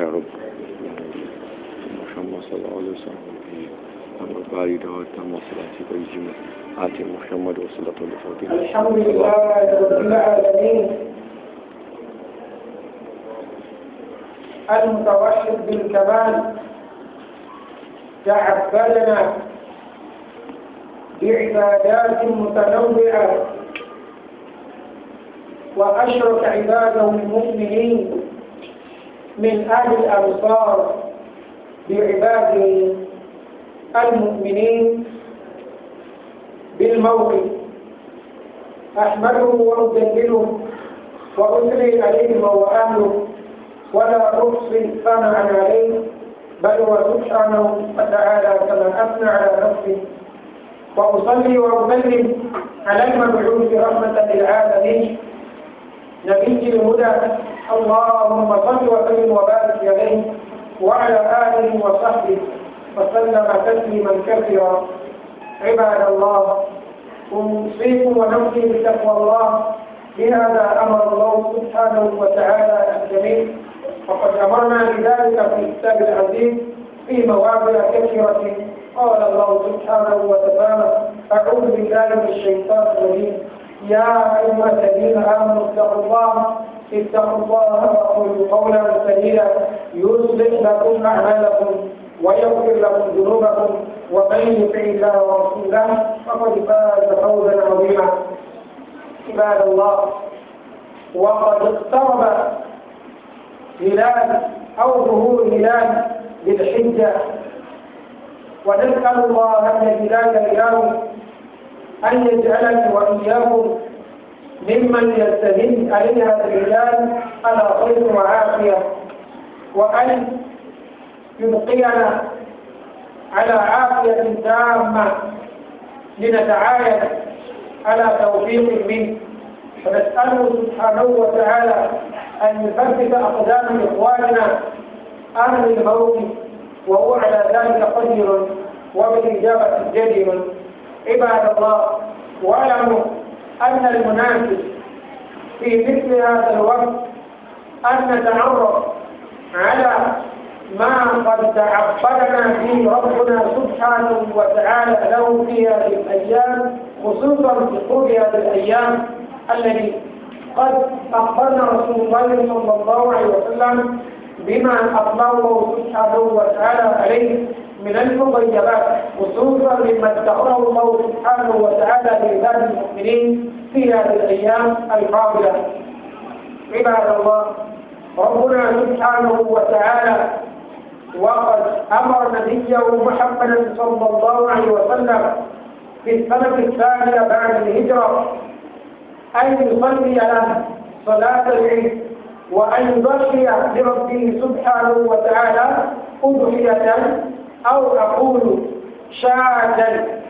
يا رب محمد صلى الله عليه وسلم أمر باري دعوة تم وصلاتي بالجمع آتي محمد وصلاة الفاتحة الحمد لله رب العالمين المتوحد بالكمال تعبدنا بعبادات متنوعة وأشرف عباده المؤمنين من أهل الأنصار بعباده المؤمنين بالموقف أحمده وأجلله وأثني عليه وهو أهله ولا أحصي ثناء عليه بل وسبحانه وتعالى كما أثنى على نفسه وأصلي وأسلم على المبعوث رحمة للعالمين نبي الهدى اللهم صل وسلم وبارك عليه وعلى آله وصحبه وسلم تسليما كثيرا عباد الله أوصيكم ونفسي بتقوى الله بهذا أمر الله سبحانه وتعالى الجميع وقد أمرنا بذلك في الكتاب العزيز في مواضع كثيرة قال الله سبحانه وتعالى أعوذ بالله من الشيطان الرجيم يا أيها الذين آمنوا اتقوا الله اتقوا الله وقولوا قولا سديدا يصلح لكم اعمالكم ويغفر لكم ذنوبكم ومن يطع الله ورسوله فقد فاز فوزا عظيما عباد الله وقد اقترب هلال او ظهور هلال بالحجه ونسال الله ان لا اله ان يجعلني واياكم ممن يستهل عليها الرجال على خير وعافية وأن يبقينا على عافية تامة لنتعايش على توفيق منه ونسأله سبحانه وتعالى أن يثبت أقدام إخواننا أهل الموت وهو على ذلك قدير وبالإجابة جدير عباد الله واعلموا أن المناسب في مثل هذا الوقت أن نتعرف على ما قد تعبدنا به ربنا سبحانه وتعالى له في هذه الأيام خصوصا في طول هذه الأيام التي قد أخبرنا رسول الله صلى الله عليه وسلم بما أطلعه سبحانه وتعالى عليه من المغيبات خصوصا مما ادخره الله سبحانه وتعالى لعباد المؤمنين في هذه الايام الفاضله عباد الله ربنا سبحانه وتعالى وقد امر نبيه محمدا صلى الله عليه وسلم في السنه الثانيه بعد الهجره ان يصلي له صلاه العيد وان يضحي لربه سبحانه وتعالى اضحيه أو أقول شاعة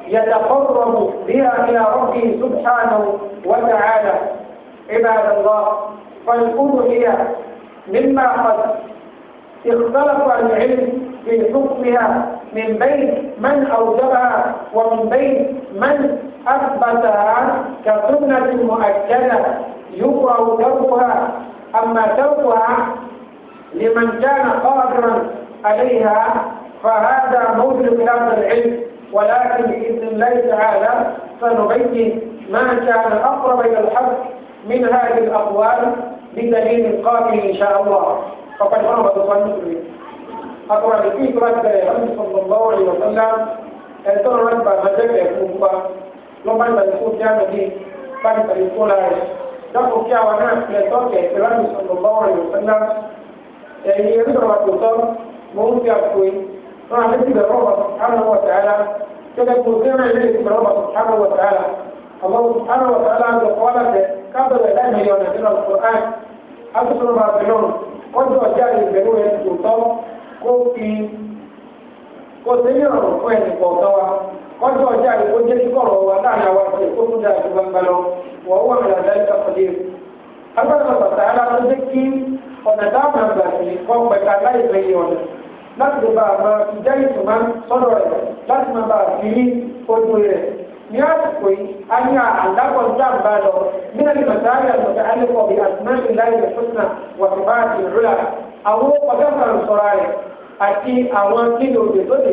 يتقرب بها إلى ربه سبحانه وتعالى عباد الله فالأضحية مما قد اختلف العلم في حكمها من بين من أوجبها ومن بين من أثبتها كسنة مؤكدة يقرأ تركها أما تركها لمن كان قادرا عليها فهذا موجب هذا العلم ولكن باذن الله تعالى سنبين ما كان اقرب الى الحق من هذه الاقوال بدليل قاتل ان شاء الله فقد مر بدخان مسلمين اقرب في كرات الرسول صلى الله عليه وسلم ان ترى رد فتك يكون فا لو يكون جامع دي كان تريكولا دقوا كيا وانا في التوكي الرسول صلى الله عليه وسلم يعني يبدو ما تقول ممكن máa ní ti bẹ̀rẹ̀ ọ̀bà subhanahu wa ta'ala gẹ́gẹ́ kò sí náà ní ti bẹ̀rẹ̀ ọ̀bà subhanahu wa ta'ala àwọn subhanahu wa ta'ala ló kọ́ láti kábẹ̀rẹ̀ láì mílíọ̀n nínú alukur'an asosoro máa fi lọ́rùn kọjú ọjà ìbẹ̀rù rẹ̀ tó tọ́ kó fi kó sí ní ọ̀rọ̀ fún ẹnì kọ̀ọ̀kan wa kọjú ọjà ìkójẹ́ kíkọ̀rọ̀ wa láàrin àwọn àti ìkójú dà ju gbangba lọ wọ́n wà ní àdáyé káfọ́dé. agbára bàtà alákọ̀ọ́jẹ́ kí ọ̀nà dáhùn àgbà sí kọ́ pẹ̀ka láì fẹ́ yí ọ̀nà láti lè bá a máa fi jẹ́ ìtumá sọ́dọ̀ rẹ̀ láti máa bá a fi ojú rẹ̀ ní àsìkò yìí a ní àdàpọ̀ jàǹbá lọ nínú ìmọ̀sáyà àtọ̀tẹ̀ alẹ́kọ̀ọ́ bí àtúnáṣe láì rẹ̀ fúnà wàtúbá àti ìrúlà àwọn ọjọ́ kan sọ̀rọ̀ rẹ̀ àti àwọn kíni òde tó lè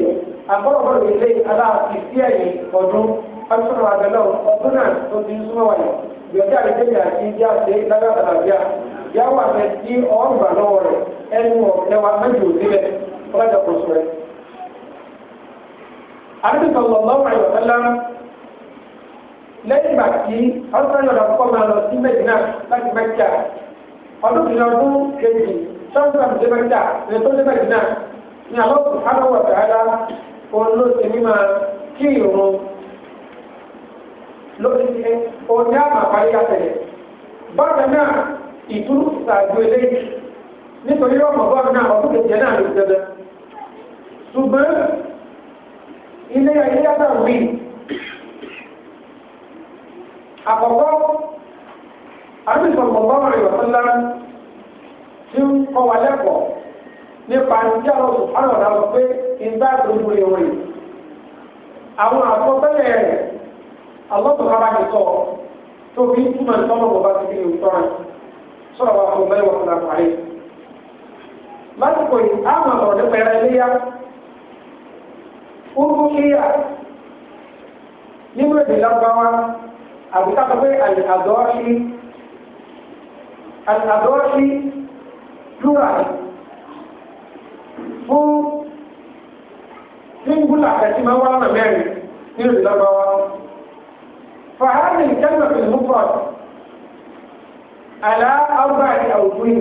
agbọ́dọ̀gbọ́dọ̀ ilé aláàfin sí ẹ̀yìn ọdún pásítọ̀ àgbẹ̀lọ́ ọdún náà tó ti ń súnmọ́ wáyé yọjú àgbẹ̀dẹ́gbẹ̀ àti ìdí àti lágbàdàbíà yàwó àfẹ́ tí ọ̀rùn bà lọ́wọ́ rẹ̀ ẹnu ọ̀rẹ́ mẹ́jọ síbẹ̀ ọlọ́jà kò sọ rẹ̀. àdúgbò sọ̀rọ̀ lọ́wọ́ àyọ̀kẹ́lá lẹ́yìn ìgbà tí ọ̀sán yọ̀dọ̀ kọ́ máa lọ sí mẹ́dínà láti mẹ́kíà ọdún kìíní ọdún kejì sọ́ńtà ní mẹ́kíà ní tó ní mẹ́dínà ní àwọn àbáwọ̀ tààdá òun ló ti ní máa kí ìrún lórí ẹ òun ní àmà parí àtẹ̀lẹ̀ bákan náà ìtúrú ṣàgbélé nítorí ọmọ bọ́ọ̀lù náà ọdún kejì náà ló ti dẹ́gbẹ́ ṣùgbọ́n ilé ayé yàtọ̀ wí àkọ́kọ́ àbísọ̀rọ̀ bọ́ọ̀rọ̀ ìwọ̀sánlá tí ń kọ́ wa lẹ́kọ̀ọ́ nípa ìjà lọ́sùn ọ̀rọ̀ ọ̀dà pé ìgbà tó ń wọlé wọlé àwọn àkọsílẹ̀ rẹ̀ alọ́sọ̀rọ̀ ti sọ tó fi ń túmọ̀ ìtọ́nà bọ̀bá ti fi ìtọ́ra sọ̀rọ̀ wa fún mẹ́wàá fún àpárí lásìkò yìí àwọn ọ̀rọ̀ nípa ẹ̀rọ iléyà fúrúkíyà nínú èdè lágbáwá àbíkápá pé àdọ́ọ̀ṣí àdọ́ọ̀ṣí plural fún síngúlà kẹtí máa wá lọ́nà mẹ́rin nínú èdè lágbáwá fàhálì kẹ́lọ̀ fìlì mufrad àlá àgbà àti àwùjọ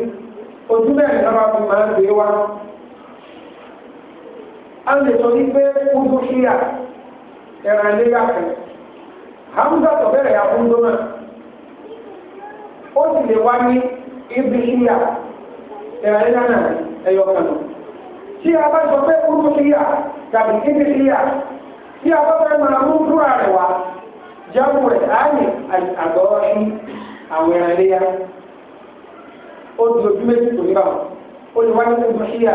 ojú mẹ́rin lọ́wọ́ fi máa ń gbé wá a lè sọ wípé kúndú ṣíyà ẹran léyà kan hamza tó bẹ̀rẹ̀ ya kúndú náà ó sì lè wá ní ibi ṣíyà ẹran léyà náà ẹyọ kan tí a bá sọ pé kúndú ṣíyà tàbí ibi ṣíyà tí a bá fẹ́ máa mú fúra rẹ̀ wá jáwó rẹ̀ á ní sí àwọn ẹran léyà ó di ojú méjì tó ní báwọn ó lè wá ní ibi ṣíyà.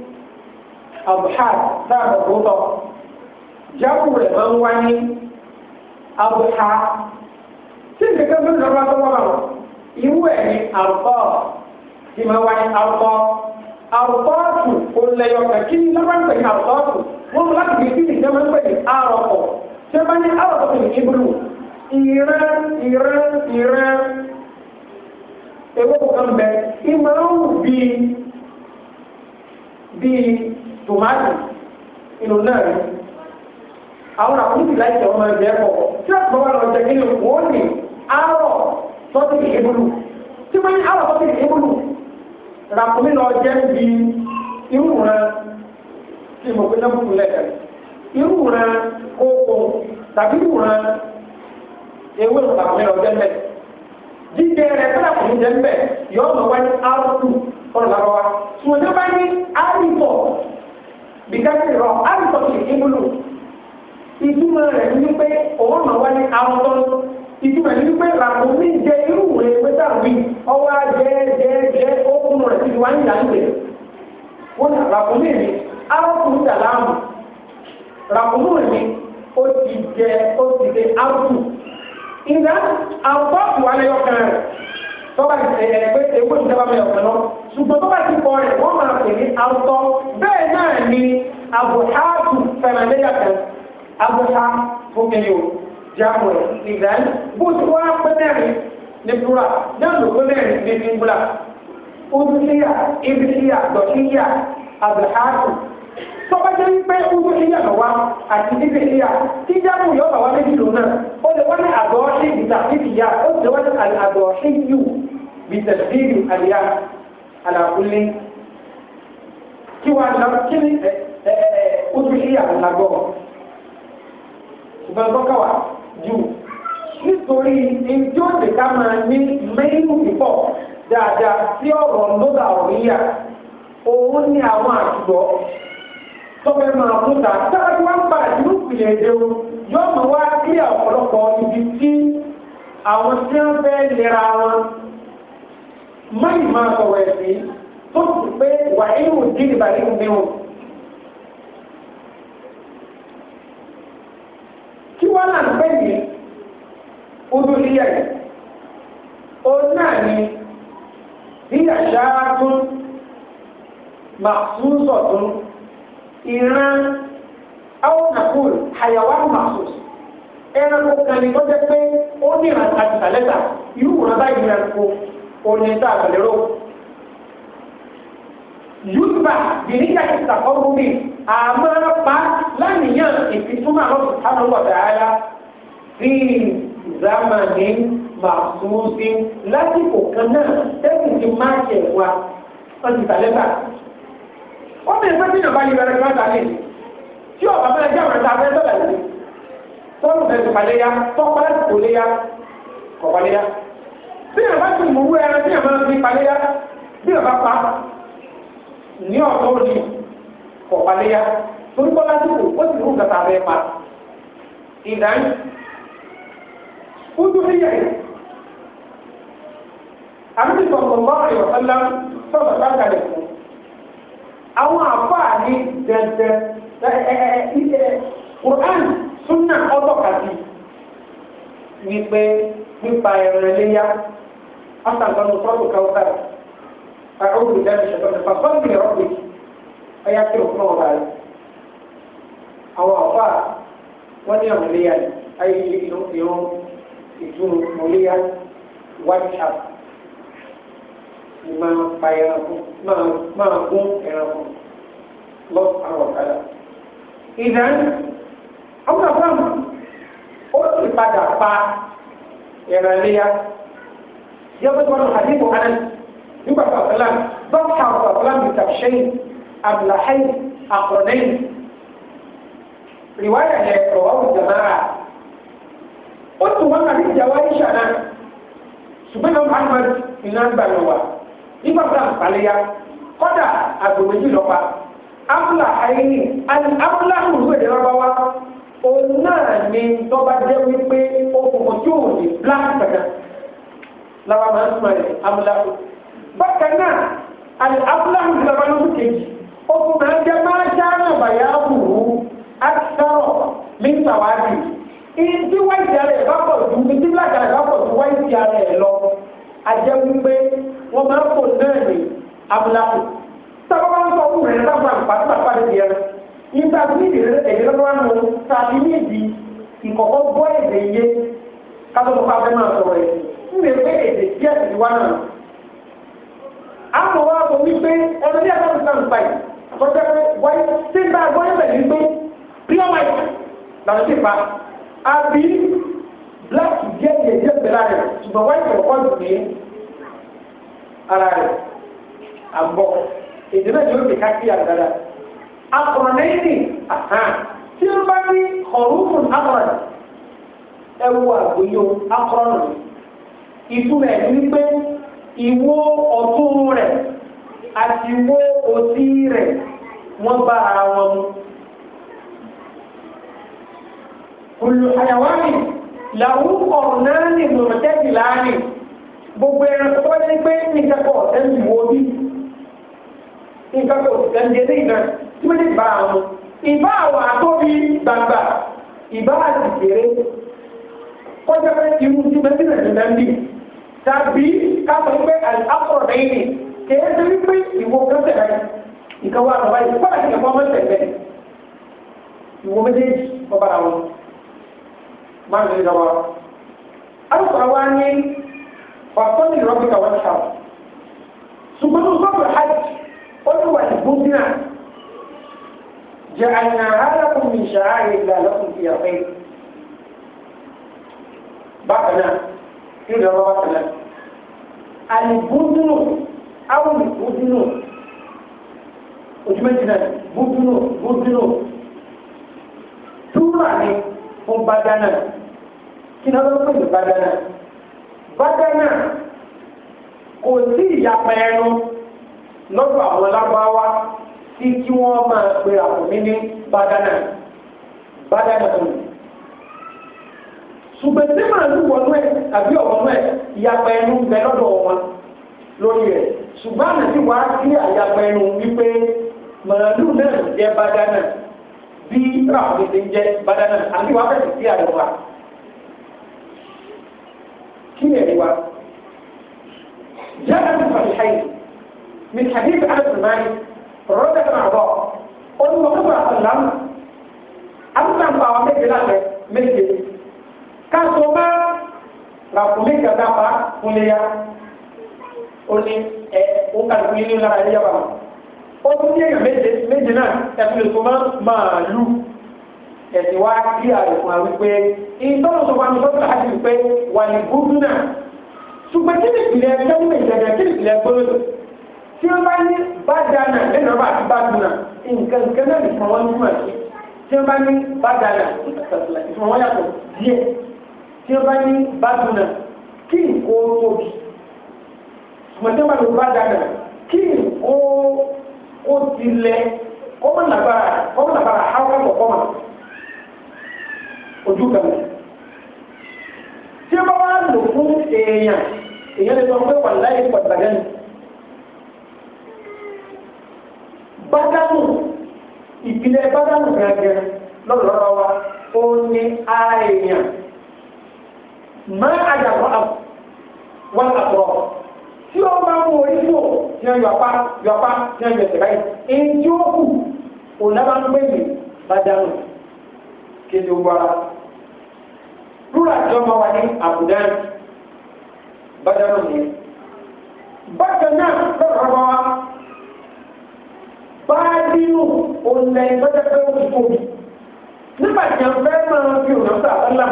abuhad dáàbò tó tọ jákù rẹ máa ń wáyé abuha tí nìkan fún ìjọba tó wọ́n wọn irú ẹ̀ ní àrùkọ́ tí máa wáyé àrùkọ́ àrùkọ́ tù ó lẹ́yọ̀ kàkí lọ́wọ́ ń pè ní àrùkọ́ tù wọ́n mú láti fi ìdí ìjọba ń pè ní àrọ̀kọ̀ tí wọ́n bá ní àrọ̀kọ̀ tó ní ibùdó ìrẹ́ ìrẹ́ ìrẹ́ ewé kọ̀ọ̀kan bẹ ìmọ̀ bíi bíi tòmátì inú náà rí àwọn àkúntì láìsẹ̀ ọmọ ẹgbẹ́ ẹ̀kọ́ tí wọ́n bá lọ jẹ kí ni wọ́n ní àárọ̀ tọ́tì ìbúlù tí wọ́n ní àárọ̀ tọ́tì ìbúlù ràkúnmí lọ jẹ́ bí irú rẹ̀ tí mo gbé náà fún lẹ́kẹ̀ẹ́ irú rẹ̀ kókó tàbí irú rẹ̀ ewé ràkúnmí lọ jẹ́ mẹ́tẹ̀ jíjẹ rẹ̀ fẹ́ ràkúnmí jẹ́ mẹ́tẹ̀ yọ ọ̀nà wáyé àárọ̀ tù ọ̀nà làwọn wa sùn bìkátì rọ àrùtọ̀tì ìmúlò ìtumọ̀ rẹ̀ ní pé òun náà wá ní àwọ̀tọ́ ìtumọ̀ ní pé làkò ní jẹ irú rẹ̀ pẹ́tà wí ọwọ́ jẹ jẹ jẹ ókun rẹ̀ ti wá ní ìdánilẹ̀ wọ́n ní làkò ní èmi arákùnrin dà láàmù làkò ní èmi ó ti jẹ ó ti dé áwùtù ìdá àwùtọ́ ìwà lẹ́yọ̀kan rẹ̀ tọ́ba ẹgbẹ́ ewé ìjọba mi ọ̀pẹ lọ ṣùgbọ́n tọ́ba ti kọ rẹ̀ wọ́n máa pè ní awùtọ́ bẹ́ẹ̀ náà ni àbùhátù fẹ̀mẹ̀lẹ́yà kan àbùhá fúnkẹyọ jáàmù rẹ̀ ìdáyé bó ti wá pẹ́ mẹ́rin ní púrà náà ló pẹ́ mẹ́rin ní pípúrà ó ti yà ibi yà dọ̀kí yà àbùhátù tọ́bajẹ́ wípé wípé ilé àbáwá àti ilé ilé à tí jáàmù yóò bá wá méjì lòun náà ó lè wọ́n ní àgọ́ ṣe ìgbìta níbi ìyá ó sì lè wọ́n ní àgọ́ ṣe yù bìtẹ̀ bíbí àlìyá àlàkúlé kí wàá lọ kí ni ẹ ẹ ẹ ó tún ilé àlàgọ́ ṣùgbọ́n tọ́ka wà jù nítorí ìjọ́ ìdíkà máa ní mẹ́rin púpọ̀ dáadáa sí ọ̀rọ̀ lọ́dà òníyà òun ní àwọn àtúbọ̀ tọ́pẹ́ máa kú ta sáájú wá ń ìlú ìpìlẹ̀ èdè o yóò mọ̀ wá sí ọ̀pọ̀lọpọ̀ ibi tí àwọn tí wọ́n fẹ́ lera wọn máyì máa sọ̀rọ̀ ẹ̀sìn tó sì pé wà nínú dídì bàrí mìíràn. kí wọ́n náà ń bẹ̀ yìí ojú ìyá yìí òun náà ni bí àṣà tún màsúùsọ̀ tún ìran awonakool hayawan masus ẹranko kan ni tó jẹ pé ó ní ìran àtìsà lẹ́tà irú wọn báyìí ẹranko òní tá a bẹ̀rẹ̀ rò yúùbà bìníkà ìsà ọ̀rùnmí àmọ́ pa lánìyàn ìfitúmọ̀ àwọn sùtánù wọ̀dà ara fi zamani masusin lásìkò kan náà tẹ́sí ti máa ṣẹ̀ wá wọ́n ti sàlẹ́bà ó bẹ̀rẹ̀ pé bíyàn bá yí rẹ̀ kí wọ́n dà lẹ́yìn tí ọ̀bà bẹ́ẹ̀ jẹ́ ọ̀rẹ́ ta fẹ́ bẹ́ẹ̀ lẹ́yìn tọ́lù bẹ́ẹ̀ tùpàlẹ́ ya tọ́pẹ́ tòlẹ́ ya kọ̀pàlẹ́ ya bíyàn bá tún mú ẹran bíyàn máa fi palẹ́ ya bíyàn bá pa ní ọ̀tọ́ òní kọ̀pàlẹ́ ya torúkọ lásìkò ó sì rú kàtà rẹ̀ pa ìdáyìn ojú ní yẹn àbí sọ̀rọ̀ lọ́rọ̀ ìwọ̀sán lọ́rọ̀ sọ̀rọ̀ àwọn àfáà ní dẹ̀dẹ̀ ẹ̀ Quran súnà ọ̀tọ̀kàtì wípé nípa ẹ̀rọ iléyà asàgbọ́n sọ́dún káwọ́tà àwọn olùdarí ṣẹ̀dọ̀ nípa sọ́ọ̀dì ìrọ́bì ẹ̀yà kí òkú náà báyìí àwọn àfáà wọ́n ní àwọn iléyà ayé ìrún ìtúnu iléyà white chapel máa pa ẹranko máa gún ẹranko lọ àwọn ọ̀kadà. ìdáhùn àwọn àbámu ó sì padà pa ẹran léyà yọ̀bí wọn àdínkù anan nígbà tó àfẹlán dókítà àfẹlán bíi tàbíṣẹ́yìn abdulhayi àkọ̀nẹ́yìn rìwáyà yẹn rọ̀wá òjòmára ó tún wọn àti jawa wáyé ṣàná ṣùgbọ́n àwọn àmọ́ iná gbà lọ nígbà tó àmì paléyà kọ́dà àgbò méjì lọ́pa abúlà àìní abúlà ìrùsọ èdè rábáwá òun náà ni tọ́ba jẹ́ wípé okùnkùn tí òun ní black kankan làwọn máa ń sùn rẹ̀ abúlà bákan náà abúlà ìrùsọ lọ́ba lóṣù kejì okùn máa ń jẹ́ máa já náà bàyà wùrú akitaro nígbà wá dì ìdí wáìtì ara ẹ̀ bá pọ̀ ju ìdí black ara ẹ̀ bá pọ̀ ju wáìtì ara ẹ̀ lọ ajẹ́ wípé wọ́n máa ń kó náà ní abúlákù sábà ń sọ fún rẹ̀ sábà pàtó pàtó lè yẹn nígbà tí ìdí rẹ̀ èdè lọ́wọ́ wà nù tàbí ní ìdí ìkọ̀kọ́ gbọ́ èdè yé kátó tó bá fẹ́ máa sọ̀rọ̀ yẹn ń lè pé èdè díẹ̀ sí wá náà. àmọ́ wa kò ní pé ọ̀nà ní ẹ̀ka ìsàn ìgbà yìí àtọ́jọ́ pé wáyé tí ń bá a gbọ́ pé pure white làwọn ti pa àbí láti jẹ́ ní ẹ̀jẹ̀ bẹ̀rẹ̀ rẹ̀ ṣùgbọ́n wáyé kọ̀ọ̀kọ́ dùn ní ara rẹ̀ àbọ̀ èdè náà yóò fi káàkiri àgbàdà. akọ̀rọ̀nà yìí ni tí ó bá ní ọ̀rùnkùn akọ̀rọ̀nà ẹ wo àgbóyò akọ̀rọ̀nà ìtumọ̀ ẹ̀ ní pé ìwó ọ̀tún rẹ̀ àti ìwó òsì rẹ̀ wọ́n bá ara wọn mu. kùlù àyàwó làwọn ọ̀rọ̀ náà lè lọ̀rọ̀ tẹ́tì láàrin gbogbo ẹranko tó wáyé pé nǹkan kọ̀ ẹ̀ ń wò ó bí nǹkan kọ̀ ẹ̀ ń dé ní ìgbà tí wọ́n lè bá àwọn ìbá àwọn àtọ́bí gbangba ìbá àti kéré kọjá pé irú tí bẹ́ẹ̀ bẹ́ẹ̀ ní nàndí tàbí káfọ́ pé àkọ́rọ̀ náà yìí kéré tó ní pé ìwọ kẹsẹ̀ rẹ̀ nǹkan wà lọ́wọ́ yìí kọ́lá ìkẹ́kọ̀ọ́ mọ́tẹ̀ ìwọ méjèèjì ọba máa lè lọ́wọ́. alùpàá wa ní ọ̀sán ní ìrọ́bìkà wọ́n ṣá. ṣùgbọ́n mo sọ́kùn hajj ó ní wà ní búdínà. jẹ́ àyìnà alákùn mi ṣàá ìlà lọ́kùn fi àfẹ́. bákan náà ìlú ọ̀rọ̀ bákan náà. àlìbúdínù àwọn ìbúdínù ojú méjì náà búdúrò búdúrò túrà ni fún bàdánà kí ni wọ́n pè ní bàdánà bàdánà kò sí ìyapa ẹnu lọ́dọ̀ àwọn lágbáwá tí kí wọ́n máa pe àkùnmí ní bàdánà bàdánà tó nù ṣùgbọ́n tí màálù wọnú ẹ̀ tàbí ọ̀wọ́nú ẹ̀ ìyapa ẹnu bẹ lọ́dọ̀ wọn lórí rẹ̀ ṣùgbọ́n àná ti wá sí àyapa ẹnu wípé màálù náà jẹ́ bàdánà bí ràbùdé jẹ́ bàdánà àti wàá fẹ̀sì sí àyọ̀wà kí ni ẹ̀rí wa jẹ́ àti fàlìhàì mi hadith alẹ́sìnmáì rọ́dẹ̀ náà bọ̀ olùwàkúwà àlám àtúntàǹbà wa méje lálẹ́ méje káàtó bá làkùnmí gàdá bá kúnlé ya ó ní ẹ ó kàlùkù yín ní lára ẹ̀yẹ́ wa ó tún ní èèyàn méje méje náà ẹ̀fọ́ lè tó máa máa lù ẹ̀sìn wa kí àrùkùn àwọn wípé ìtọ́nà sọ̀rọ̀ àmì sọ́kùnrin àti wípé wà ní gúdú náà ṣùgbọ́n kí ni ìpìlẹ̀ gẹ́gùn ìjẹ̀jẹ̀ kí ni ìpìlẹ̀ gbólódò tí wọ́n bá ní bàdànà lẹ́nu ọba àti bàdùnà nǹkan nǹkan náà nìkan wọ́n ní wọ̀nyí tí wọ́n bá ní bàdànà ìfọ̀n wọn yàtọ̀ díẹ̀ tí wọ́n bá ní bàdùnà kí nǹkó tóbi ṣùgbọ́n tí wọ́n bá ní bàdànà kí nǹkó ó ti lẹ kọ́mọ̀nàbàrà kọ́mọ̀nàbàrà háwọ́ kọ́mọ̀ ojú kan tí ó bá wá lò fún èèyàn èèyàn lè sọ pé wà láyé pàtàkì ni bágánù ìpìlẹ̀ bágánù gẹ́gẹ́ lọ́dọ̀ọ́rọ̀ wa ó ní ara èèyàn máa àjàkọ́ wọn àtọ̀rọ̀ tí ó bá mú orí fò yan yọ̀pá yọ̀pá yan yọ̀sẹ̀ báyìí èyí tí ó kù òun náà ń pè ní bágánù kéde ogun ara rúra tí wọ́n máa wà ní àbùdán bàdánù ni bákan náà lọ́rọ̀ bá wa báàdínù òǹlẹ̀ ìgbẹ́jẹ́pẹ́ òkùnkùn nígbà tí wọ́n fẹ́ máa fi òun náà sàbẹ́là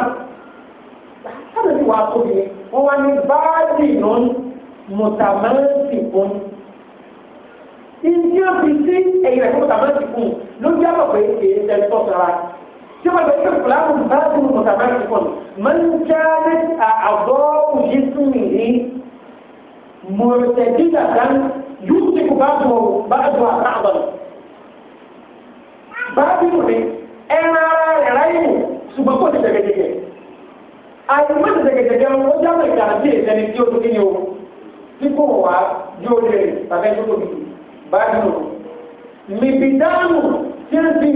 sábẹ́ ti wà tóbi wọ́n wá ní báàdínù mùtàmẹ́sìkún ìdí òbí sí ẹ̀yìn rẹ̀ mùtàmẹ́sìkún ló jẹ́ àbọ̀ pé èyí tẹ́ tọ́ sara. كما بقول فلان باب متمركز من كانت أعضاء جسمه مرتددة يمسك بعضه بعضها بعضا báàbí rẹ̀ ẹran ara rẹ̀ ráyè ṣùgbọ́n kò ní jẹgẹjẹgẹ àìmọ́ ní jẹgẹjẹgẹ ó jáwé ìdàgbé ìsẹni tí ó ti kí ni o tí kò wá yóò lè rìn tàbí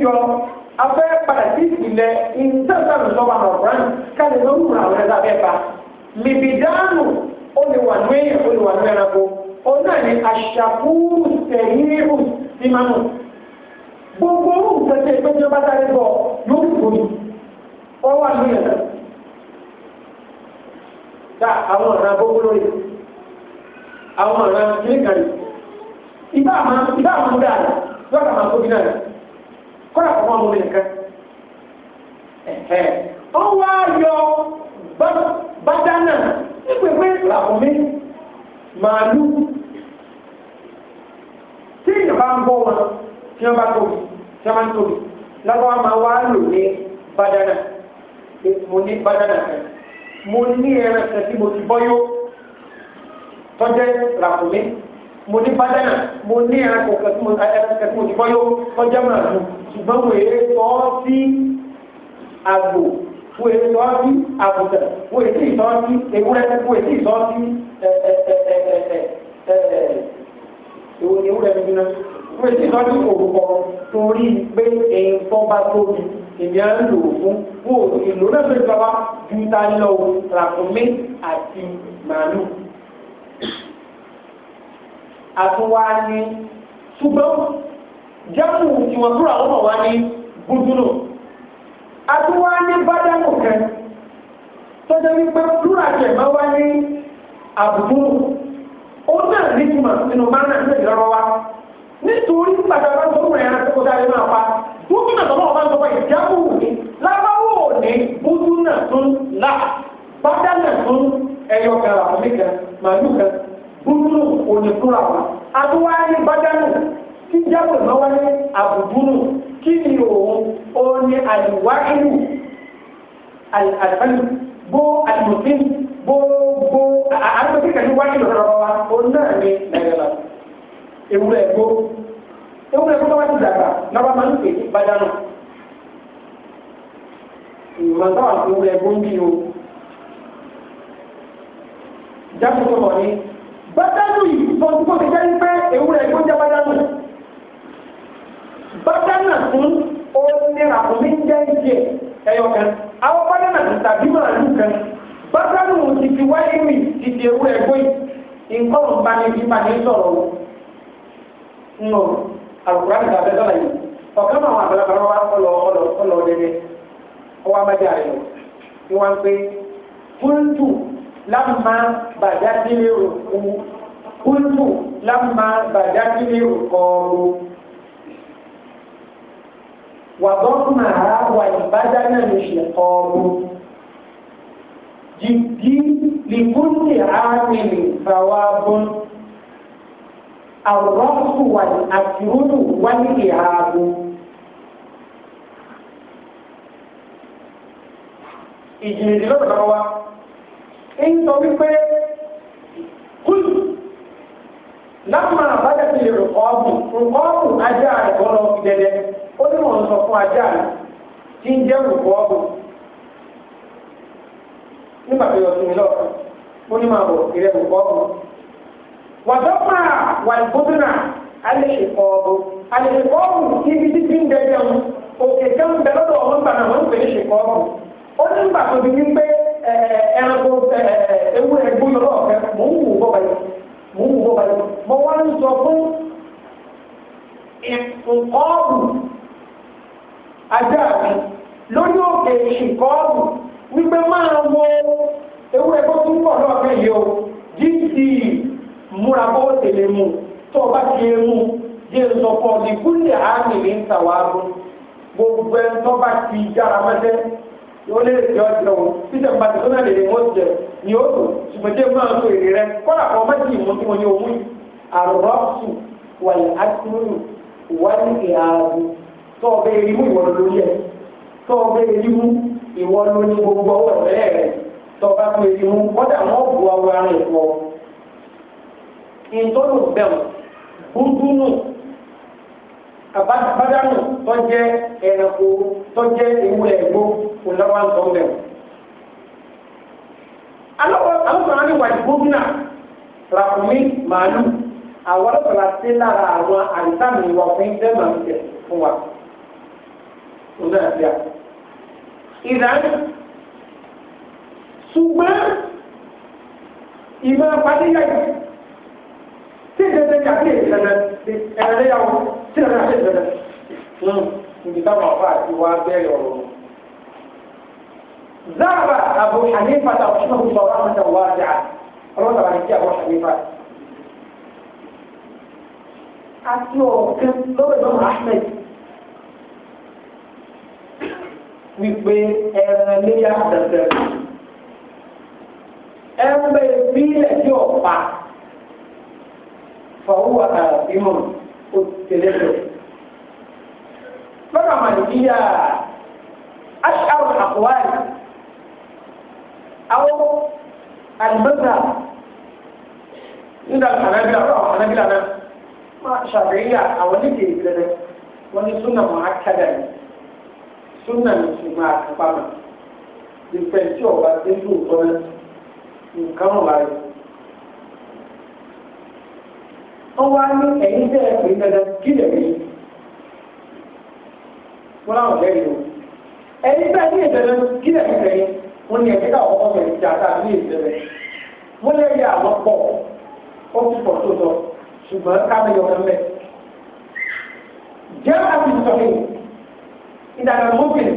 afẹ́ padà sí ìpìlẹ̀ ìtẹ́sán sọ́wọ́n ọ̀gbọ́n káàdì ló ń ra àwọn ẹ̀dá bẹ́ẹ̀ bá lìbìdánù ó lè wà ní èèyàn ó lè wà ní ẹranko ó náà ní aṣàkúrú sẹ̀yìnrún sí mánú gbogbo ohun tẹ̀sẹ̀ pé tí ó bá sáré bọ̀ yóò fi bòyí ó wà ní ẹ̀dá dá àwọn ọ̀nà gbogbo lórí àwọn ọ̀nà kíníkàrí ìbá àwọn ìbá àwọn dáadáa lọ́kà máa tóbi náà kọ́nà kọ́ máa mú mi nìkan. ó wá yọ bádánà nígbègbè làkúnmí màálù tí ìjọba ń bọ́ wọn tí wọ́n bá tóbi tí wọ́n bá tóbi lọ́wọ́ máa wá lò ní bádánà mo ní bádánà kan mo ní ẹran kan tí mo ti bọ́ yó tọ́jẹ́ làkúnmí mo ní bádẹ́nà mo ní ẹranko kẹtùmọ̀ òdìbọ́ yóò kọjá máa lù ṣùgbọ́n mo èrè tọ́ sí àgbò mo èrè tọ́ sí àbùtẹ̀ mo èrè tí ìtọ́ sí ewúrẹ́ mo èrè tí ìtọ́ sí èwo ni ewúrẹ́ mi náà mo èrè tí ìtọ́ sí òrùkọ torí pé èyí tó bá tóbi èmi à ń lò fún mo ìlú náà fẹ́ jọba ju ta lọ ràkúnmí àti màálù àtúnwá ní ṣùgbọ́n jámù ìwọ̀n búra ọmọ wa ní gúdúrò àtúnwá ní bádámù kẹ tọ́jọ́ wípé búra jẹ̀mọ́ wá ní àbùdúrò ó náà ní túmọ̀ nínú máa náà ní ìrọ̀rọ̀ wa nítorí pàtàkì bá gbọ́dọ̀ ẹ̀rọ tó kọjá lé máa pa dúkìá tọ́lọ́ ọba sọ pé ìjábù ní lábáwò ní gúdú tún là bádá tún ẹyọ kan àbúlé kan màálù kan búburú òníkúra wa àtúwáyé bájánù tí jábọ̀ náà wáyé àbùdúrù kí ni òun òun ni àlùwáìlù àlùfáìlù bó àlùmọ̀tí gbogbo àlùmọ̀tí kàní wáyé lọ́rọ̀ wa òun náà ni nàìjíríà ewúrẹ́ gbó ewúrẹ́ gbó wá ti dàgbà náà wá máa ń pè é bájánù ìmọ̀ náà ti ewúrẹ́ gbó ń bí o jábọ̀ tó wọ̀ ní bátàlù yìí fọ́nkú ti jẹ́ pé ewúrẹ́ ló jẹ́ bátàlù bátàlù fún onírà fún mi jẹ́ ìjẹ́ ẹyọ kan àwọn bátàlù ti tàbí màálù kan bátàlù ti fi wáyé mi ti di ewúrẹ́ gbé nǹkan ń bani fi bani sọ̀rọ̀ nù àwòrán ìgbà bẹ́ẹ̀ sọ̀rọ̀ yìí ọ̀kan náà wà bẹ́ẹ̀ bá wà ọlọ ọlọ ọlọ ọdẹ ọwọ́ amájà rẹ̀ ni wọ́n ń pè fúntù lámà bàdádìrí òkú kúlùkù lámà bàdádìrí òkọọrù wàgọ́kùnmá wà ìbádánà ní ṣèkọọrù jìdí lìkúnlẹ̀ àmìlì fàwábùn àwòrán wà ní àtìrúnù wà ní ìhàbùn. ìjìnlẹ̀ ń sọ wípé kúlù lápá àbájá ti lè rùkọ́ọ̀bù rùkọ́ọ̀bù ajá rẹ̀ lọ fi dẹ́dẹ́ ó ní wọ́n sọ fún ajá rẹ̀ tí ń jẹ́ rùkọ́ọ̀bù nígbà tó yọ sí mi lọ́ọ̀kan ó ní máa bọ̀ ìrẹ́ wàdọ́pà ibi ń dẹ́jẹun òkè bẹ̀rẹ̀ lọ́dọ̀ ọ̀hún wọ́n ń pè é ẹranko ewu ẹgbó yọrọ ọ̀fẹ́ mò ń wò bọ́ba yìí mò ń wò bọ́ba yìí mo wá ń sọ fún ìkọ́ọ̀bù ajá mi lórí òkè ìkọ́ọ̀bù wípé máa wo ewu ẹgbó tó ń pọ̀ lọ́ọ̀fẹ́ yìí o gt múra bọ́ tẹ̀lé mu tó o bá ti lè mu jẹ́ sọ fún ọ ní kúlẹ̀ àmì ní ìtàwá gbogbo ẹ̀ tó bá ti yára mẹ́tẹ́ yóò lé ìjọ jẹun títẹ̀ pàtẹ tó náà lè mọ́ jẹ ni ó tó ṣùgbọ́n jẹ́ máa tó èrè rẹ kọ́lá kan má jì mú tí mo ní òun yìí àrọ́sù wàlẹ̀ àtúrù wálé ìhàbù tó o bẹ́ẹ̀ rí mú ìwọ lórí ẹ̀ tó o bẹ́ẹ̀ rí mú ìwọ lórí gbogbo ọwọ́ ìrẹ́lẹ̀ rẹ̀ tó o bá tó èrè mú kọ́dà mọ́ bu awọ ara ẹ̀ ìtọ́nù bẹ̀rù búdúnù àbádánù tó jẹ́ ẹranko tó jẹ́ ewúrẹ́ ẹ̀gbó òǹdàwà ń sọ mẹ́wọ̀. alọ́sọ̀rọ̀ ní wàjú gómìnà ràkùnmí màálù àwọn ọlọ́sọ̀rọ̀ sí lára àwọn àìsàn ìwà fún ìfẹ́ màálù jẹ fún wa. òun náà bíà. ìdáná ṣùgbọ́n ìmọ̀ àpàdé yàgò tí ìdẹ́gbẹ́jà sí ìdáná ẹ̀rẹ́yàwó tí ìrìn àjẹ́ ìbẹ̀rẹ̀ níbi táwọn àfa àti wa bẹ̀rẹ̀ ọ̀rọ̀ wọn. Záàbà Abu Hanifa ta ọ̀ṣun ọ̀ṣun ọ̀rọ̀ àwọn ọ̀ṣun wáá jà ọlọ́dà wà ní kí Abu Hanifa. Àti ọ̀kan lọ́wọ́ ìbọn Ahmed wípé ẹran léyà dẹ̀dẹ̀ ẹran bẹ́ẹ̀ bí ẹ̀jẹ̀ ọ̀pá fọwọ́ àbímọ̀ ó tẹ̀lé lọ. lọ́dọ̀ màlúkíyà aṣáájú àkọ́wáyé àwọn àlùbọ́sà nígbà kànáfíà ọ̀rọ̀ àwọn kànáfíà náà máa ṣàbẹ̀yà àwọn oníkèé ìgbẹ́rẹ́ wọ́n ní súnà mọ́ akádà yìí súnà ní ṣùgbọ́n àtúpamọ́ ìfẹ̀ǹtì ọ̀bá dé lóòótọ́ náà nǹkan ọ̀la ó wá ní ẹ̀yìn tẹ́ ẹ pè é dandan kí lè rí wọn láwọn ọ̀rẹ́ yìí o ẹ̀yìn tẹ́ ẹ ní ìtẹ̀lẹ́ kí lè rí tẹ̀yìn wọn ní ẹ̀yìn káwọn ọmọ rẹ̀ ti àtà ní ìtẹ̀lẹ́ wọn lè rí àwọn pọ̀ ó ti pọ̀ tó sọ ṣùgbọ́n kámẹ́yọ̀ kan mẹ́ jẹ́ àti sọ̀rọ̀ ìdàgbà mọ́kìn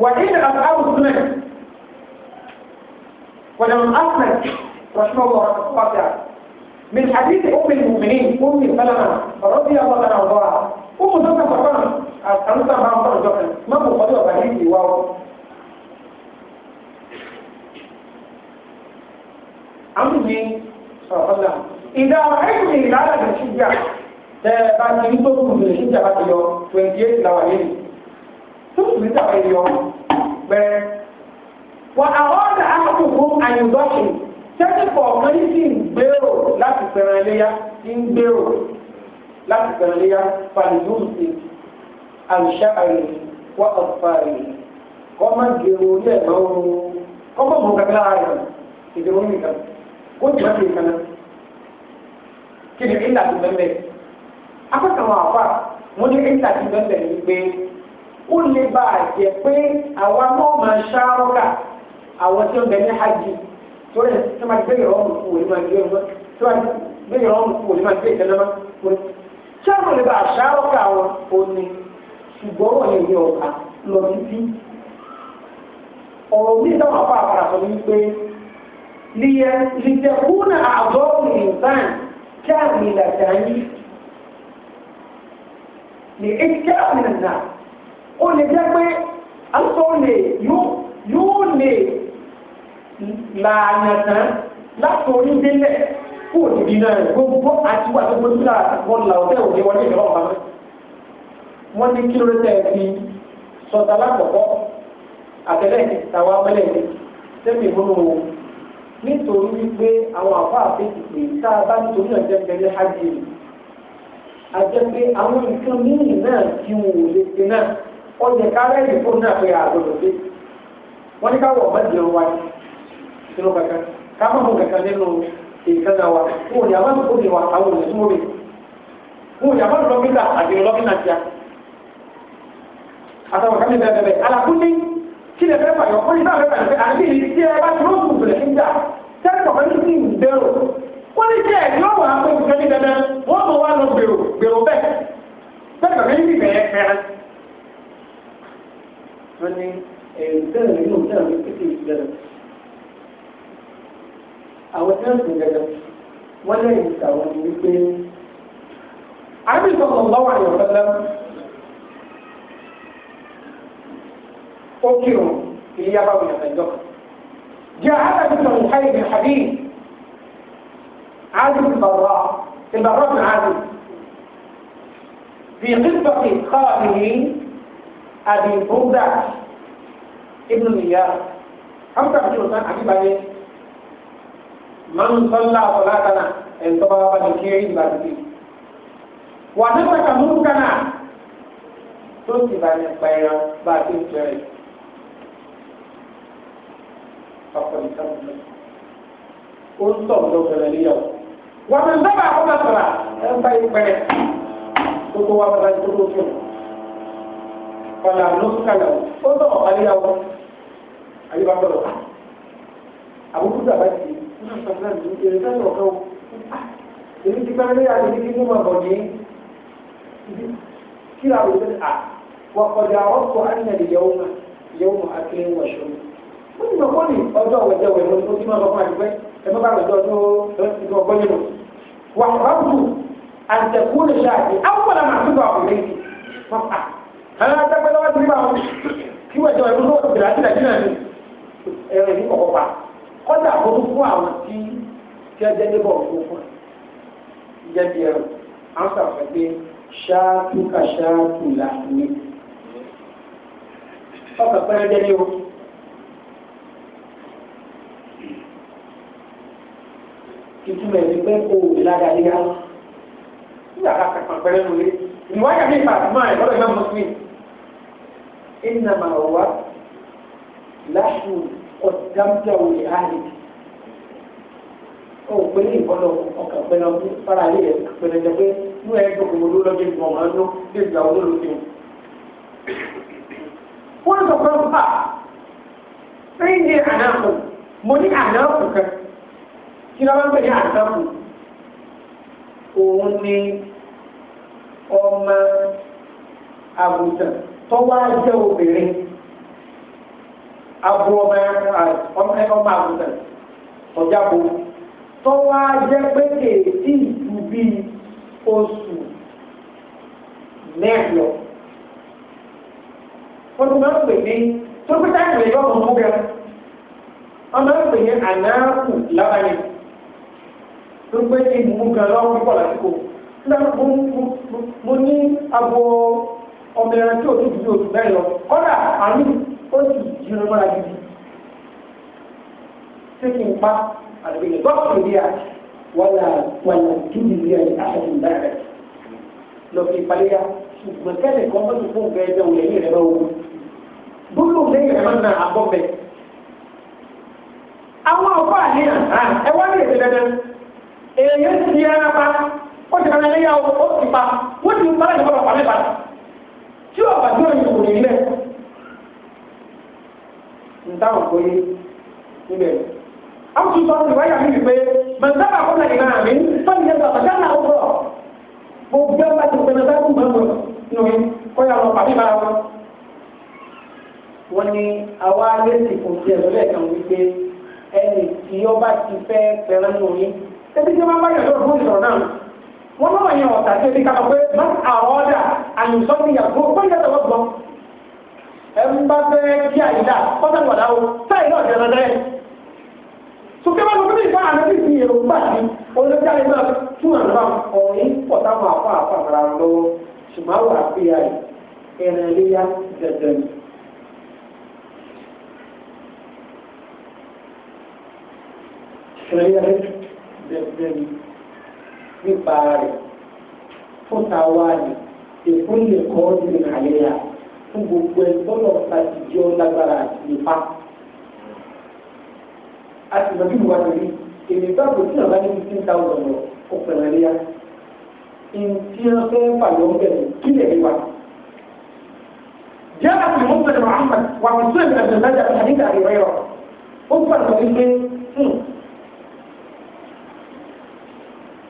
wà ní ìdàgbà àwùjọ náà wà ní àwùjọ náà. رحمه الله رحمه الله من حديث أم المؤمنين أم سلمة رضي الله عنها وارضاها أم سلمة فرمان أنت ما أنت جبنا ما هو قدوة بهيدي واو عمي صلى الله عليه وسلم إذا رأيت الهلال في الشجع بعد يوم من الشجع بعد يوم 28 لوالين ثم بتاع اليوم وأراد أحدكم أن يضحي sẹ́kìpọ̀ ọ̀kan yìí sì ń gbèrò láti fẹ̀ràn iléyà ti ń gbèrò láti fẹ̀ràn iléyà fàlìyúùsì àìṣà àìrè wà ọ̀fà àìrè kọ́ máa gbèrò orí ẹ̀ máa ń ro kọ́ máa mú kankan ara rẹ̀ èdè nìkan kó jù láti kan náà kí ni ìlà ti bẹ́ẹ̀ akọ́sàwọn àfa wọn ní ìlà ti bẹ́ẹ̀ ní pé ó lè bá a jẹ pé àwa náà máa ṣàárọ̀ kà àwọn tí ó bẹ ní hajj torí ẹ̀ sọ́mà ti gbẹ́yẹ̀ ọ̀hún fún òní máa gbé ọmọ sọ́mà ti gbẹ́yẹ̀ ọ̀hún fún òní máa gbé ìtẹ́lẹ́ máa fún òní. sáwọn olè bá àṣà ọ̀kà wọn òní ṣùgbọ́n wọn lè yọ ọ̀kà lọ títí. ọ̀rọ̀ mi dáwọn apá àpàrà ó lè jẹ́ pé àtọ́ lè yóò lè lààyàn kan látòrí délẹ̀ kó o dìbì náà gbogbo àti wà gbogbo nígbà wọn là ọ̀tẹ̀ òní wọlé ìjọba ọ̀gá mẹ́. wọ́n ní kí ló dé tẹ̀ fi sọ̀tà lákọ̀ọ́kọ́ àtẹ̀lẹ́ tàwa mẹ́lẹ̀ tẹ́mi ìbúnú o nítorí wípé àwọn àbá àfẹ́sì pé tá a bá nítorí náà jẹ́ pẹ̀lú hajj àjẹpé àwọn nǹkan míì náà tí wọn ò lè ṣe náà ọjà kárẹ́ẹ̀dì fún náà pé àgbọ̀dọ̀ dé wọ́n ní káwọ̀ ọ̀bá jẹun wáyé sínú kankan ká má kan kankan si ìkànnà wa wọn ò ní àbá tó ní wa àwọn ò ní súnmọ́ mi wọn ò ní àbá lọ́kítà àti lọ́kítà tíya àtàwọn kan ní bẹ́ẹ̀ bẹ́ẹ̀ alákùnrin kí lè fẹ́ fàyọ̀ ó ní sáà fẹ́ fàyọ̀ pé àbí ìdí ẹ bá tó kù bẹ̀rẹ̀ níjà sẹ́ni kọ̀ọ̀kan ní sí ìbẹ̀rù wọ́n ní jẹ́ ẹ̀dí ọ̀wọ̀ àwọn olùkẹ́ ní dandan wọ́n mọ̀ wá lọ gbèrò gbèrò bẹ́ẹ̀ sẹ́ni kọ̀ọ̀kan ní bẹ̀rẹ̀ fẹ́rẹ́. wọ́n ní ẹ̀rù tẹ́lẹ̀ nínú tẹ́lẹ̀ ní àwọn tí wọ́n sì gẹ̀gẹ̀ wọ́n lè ní àwọn ní wípé àbíkọ́ ọ̀gbọ́n جاء هذا بن الحي بن حبيب عازم البراء البراء بن عازم في قصة خاله أبي بردة ابن الإياه هم تعرفون عن عجيب عليه man salla salatana en to ba ba ke yi ba ti wa na ta kamun kana to ti ba ne bayra ba ti tsere fakon kan o to do kana liya wa man da ba ko sala en bai bai to to wa ba to to fala nuskala o to aliya o ali ba to abu da ba èmi ti pẹ́ ní àdéhùn ní mímọ̀ bọ̀ ní kí làwọn ò sẹ́ni à wọ́n kọjá ọkọ̀ àníyàn ìyàwó máa ìyàwó máa akéwì wọ̀ ṣọ́ wọ́n ti mọ̀ kọ́ ní ọjọ́ wẹ̀jẹ̀wẹ̀ ló ti máa bọ̀ fún àdìpẹ́ ẹ̀fọ́ bá lọ́jọ́ tó lọ́sí tó ọgbọ́n yẹn lọ. wà á bù àtẹ̀kù lè ṣe àti àwọn àmà tó bá ọkùnrin wọn à àwọn àtẹ́pẹ́ lọ́wọ́ ti kọ́dà kó tó fún àwọn tí tí ẹ jẹ́ níbọ̀ fún fún ìjẹ́ bí ẹ̀rọ àwọn sàfẹ́ pé ṣáàtú ka ṣáàtú là ní. ọkọ̀ pẹ́rẹ́ jẹ́ ní o. ìtumọ̀ ẹ̀mí pé kò wò lára yíyá nígbà ká kàkà pẹ́rẹ́ ló lé ìwáyà mi fàtúmọ̀ ẹ̀ lọ́dọ̀ ìmọ̀ mùsùlùmí. ìnàmà wà láṣù قدمته لأهلك ó pé ní ìkọlọ ọkàn pẹlẹ ọdún fara ayé rẹ pẹlẹ jẹ pé mú ẹ gbogbo olú lọ bí ìgbọ̀n máa ń lọ bí ìgbà owó ló fi. wọ́n sọ pé bá ah, ẹ̀yìn ní ànáàkù mo ní ànáàkù kan kí ló máa ń pè ní ànáàkù. òun ni ọmọ àgùntàn tó wá jẹ́ obìnrin abu ọmọ ọmọ àgùntàn ọjàbọ tó wá jẹ́ pé kéèké ìlú bíi oṣù mẹ́jọ wọ́n tún máa ń pè ní tó pé táyà lè lọ́kàn mú bẹ́ẹ̀ wọ́n máa ń pè ní ànáàkù lábàáyé tó pé kí mú gan lọ́wọ́ púpọ̀ lásìkò mo ní abo ọmọ ẹran tí òtútù bí òtútù bẹ́ẹ̀ lọ kọ́dà àmì ó ìlú lọ́gbọ́n àti ìlú. Ṣé kí n pa àdúgbò yẹn? Bọ́ọ̀lù ìdí à wàlà wàlà dúdú ìdí à ní aṣáájú ìdáyà lọ fi paléyà ṣùgbọ́n kẹ́lẹ̀ kan bá tó fún bẹ́ẹ̀ jẹun lẹ́yìn rẹ̀ lọ́wọ́. Bólú lẹ́yìn rẹ̀ máa ń na àbọ̀ bẹ̀. Àwọn ọ̀pọ̀ àníyàn ẹ wá ní èdè dandan. Èèyàn ti di ara pa, ó ti kàlẹ́ lẹ́yà ó ti pa, wọ́n ti ń pa láti bọ́ ntáwọn kò yé níbẹ̀. àwọn tuntun ọ̀hún ìwáyà mi wípé mọ̀nsábà kọ́ náà ìmáà mi fọ́ọ̀nì yẹn sọ̀tọ̀ dáná ó bọ̀ gbogbo ẹgbẹ́ ti pẹ̀lú ẹgbẹ́ fún mọ́tò nù mí kó yà lọ pàmì máa wọn. wọ́n ní àwa alẹ́ sì kò tiẹ̀ e lọ́lẹ̀ kan wípé ẹnì tí ọba ti fẹ́ pẹ̀lú nù mí ebi tí wọ́n bá yà lọ́dún fún ìṣòro náà wọ́n lọ́wọ́ yẹn ọ̀tà sí ebi ká lọ pé bá àrọ́ ọ̀dà àyùsọ́ ẹ̀m bá bẹ́ẹ̀ kí àyíká ọ̀sẹ̀ wàdà o sáyìn náà jẹ́ lọ́dẹ́. sùkẹ́ bá lọ́dún ìfá àná bí ìyè ò gbà sí olójáde náà tún àná ọ̀rìn pọ̀ táwọn afọ àfọ àmàrà lọ́wọ́ ṣùgbọ́n àwọn àfihàn ẹ̀rẹ̀ léyà dẹ̀dẹ̀ ni. ìṣẹ̀lẹ̀ dẹ̀dẹ̀ ni nípa rẹ̀ fún tàwa ni èkó lè kọ́ ọ́ sí àyẹ̀yà fún gbogbo ẹ lọ́dọ̀ láti jẹ́ ọ lágbára àti ìfá. a sì mọ̀ bí mo wá lórí èmi bá kò tí ọ̀gá ní fifteen thousand lọ kó pẹ̀lẹ́ léyà. ntí wọn fẹ́ fà lọ bẹ̀rẹ̀ kí lè rí wa. jẹ́ àpò ìwọ́n pẹ̀lú Muhammad wà á sọ ìgbà tó dájà àti ìgbà rẹ̀ rẹ̀ ó gbà sọ wípé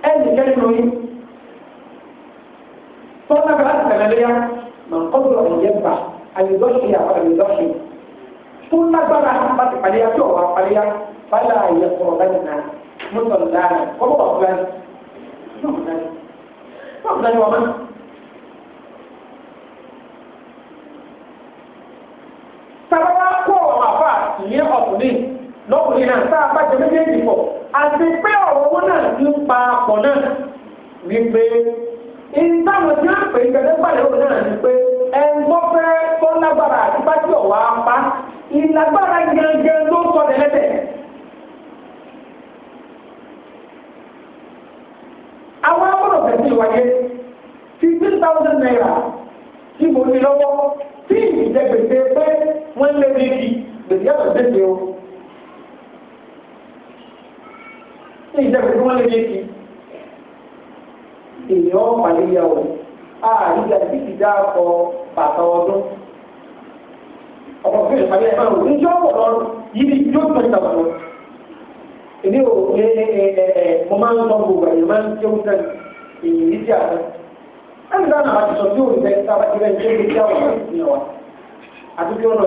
ẹnì kẹ́rin lóyún. tọ́lá bá tẹ̀lé léyà mà kọ́bùrọ̀ ẹ̀yẹ́ bà àyùdọ́sì àwọn àyùdọ́sì tó lágbára láti pàdéyà tí ọ̀wà pàdéyà bàlá àyẹ̀ kọ̀ọ̀ láti nà mọ́tò dára kọ́bọ̀ wà fúlàní náà fúlàní wà má. sábàbá kọ́ ọ̀rọ̀ àfà ìyẹn ọ̀kùnrin lọ́kùnrin náà sáà bá méjèèjì pọ̀ àti pé ọ̀rọ̀ owó náà ń pa pọ̀ náà wípé ìdáhùn tí wọ́n pè é gẹ́gẹ́ báyìí òun náà ni pé ẹn tó fẹ́ tó lágbára àti bájú ọ̀wá pa ìlágbára gẹ́gẹ́ ló sọ lẹ́lẹ́tẹ̀. àwọn agbọ́dọ̀ tẹ̀sí ìwáyé fifteen thousand naira tí mo ní lọ́wọ́ tí ìjẹ́ gbèsè pé wọ́n lé mi kí gbèsè àtọ̀ tẹ̀sí o. ìjẹ́ gbèsè wọ́n lé mi kí èèyàn màlẹ́yàwó àríyá tí kì í dá akọ bàtà ọdún. ọ̀pọ̀ fún ìpàdé ẹ̀fọ́ ìwé níjọ́ ọ̀pọ̀ lọ́rùn yìí ni yóò tọ́ ìtàkùn lọ. èmi ò ní mo máa ń sọ gbogbo àyè máa ń jẹun sẹ́nu èyí ní ti àná. ẹni dáná àti sọ tí òun bẹ́ẹ̀ sábà ti bẹ́ẹ̀ jẹ́ kí àwọn ọ̀rọ̀ ìpínlẹ̀ wa. àti bí wọ́n lọ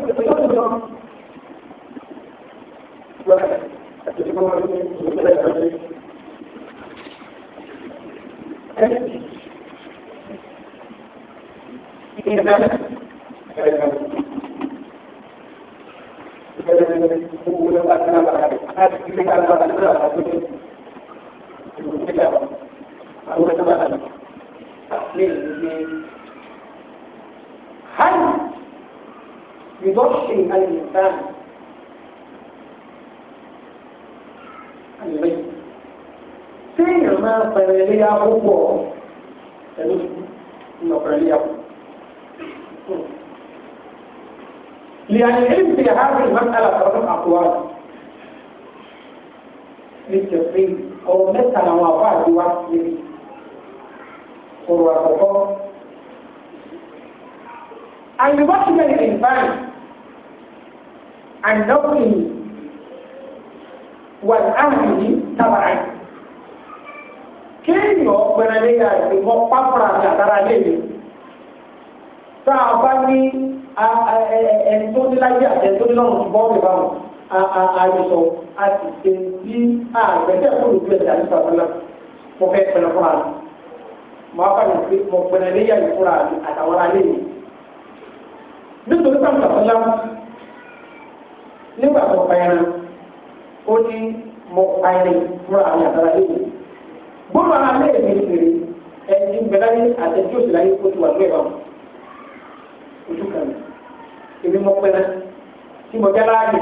ಹೇಳಿದ್ದಾರೆ ọ̀rọ̀ mẹ́ta làwọn àbá àti wá sí i ọ̀rọ̀ àkọ́kọ́. àyùbá ti bẹ̀rẹ̀ ìbáyìí àdókìí wà láàyè tábà áyì. kéèyàn ọ̀pẹ̀rẹ̀ lẹ́yà ìmọ̀ pápára àti àtàrà lẹ́yìn tá a bá ní ẹ̀ẹ́dúndínláyé àti ẹ̀ẹ́dúndínlọ́rùn bọ́ọ̀lù báwọn àyẹ̀sọ̀ àti ṣe bí àgbẹ̀dẹ̀ fún ìlú ẹ̀dá ní sàbẹ̀lá mo fẹ́ pẹ̀lẹ́ fúnra mi mo á fàyè pé mo pẹ̀lẹ́ léyà ní fúnra mi àtàwọn alé mi. nítorí pàmò sàbẹ̀lá nígbà tó pa ẹran ó ní mo pa ẹran fúnra mi àtàwọn alé mi. bọ́lá alé mi fèrè ẹni gbẹ̀dẹ̀ ní àtẹ̀jú òsì láyé kó ti wà lóyè wọn ojú kan mi mo pẹ̀lẹ́ tí mo jẹ́ láàyè.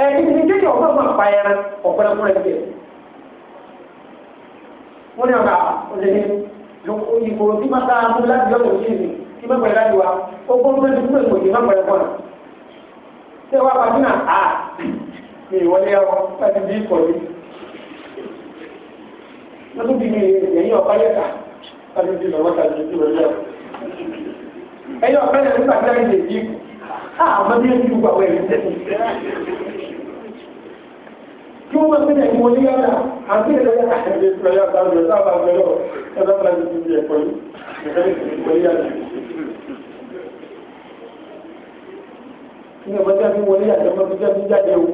ẹni ní kékeré ọ̀pọ̀ ọ̀pọ̀ àpáyẹrẹ ọ̀pọ̀ ẹ̀kọ́ rẹ̀ wọ́n ní ọ̀gá ọ̀lẹ́ni ìbò tí máa ta àwọn láti yọ̀tọ̀ sí mi tí máa pẹ̀lú láti wá ó gbọ́n tó fún èkó máa pẹ̀lú kọ́nà. ṣé wàá pàdé náà à mi ìwọlé ọ láti bí ìkọ̀ mi. wọ́n bí mi ẹ̀yìn ọ̀pá yẹ̀ta láti bí ìlọ́wọ́ tàbí ìlọ́wọ́ ẹ̀yìn ọ̀pá nígbà tí kuma suna yi wani yana a cikin da ya kashe da suna ya samu ya saba da yau ya zama da jiki ya koyi da kan yi wani yana ina ba ta fi wani yana ba ta fi ja da yau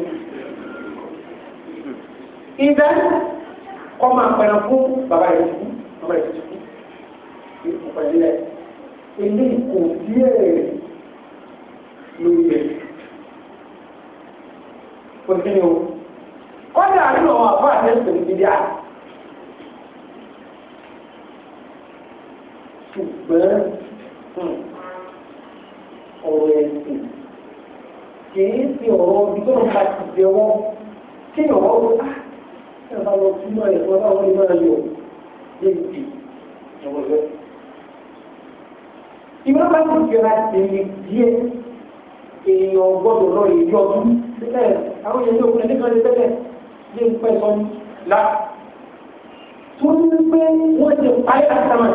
idan pẹ̀lú fún bàbá yẹn kú bàbá yẹn ti kú ìpàdé yẹn ilé ìkò díẹ̀ lóye òkè ni o kọ́dà nínú àwọn àbá àtẹ́sẹ̀ ní bíbí à. ṣùgbọ́n hmm, ọ̀rọ̀ ẹ̀sìn kìí fi ọ̀rọ̀ ibi tó ń bá ti jẹ wọ́n kí ni ọ̀rọ̀ wọ́n á ah, ṣe bá lọ sí náà ẹ̀fọ́ táwọn ní máa yọ débi ọ̀rọ̀ ìwé bá ti jẹra tèmi díẹ̀ èèyàn gbọ́dọ̀ lọ ìjọ tún àwọn èèyàn ní òkúlẹ̀ nípa ní tẹ́lẹ̀ yé ń pẹ́ sọ́ni la tó ní pé wọ́n ti páyà sáwọn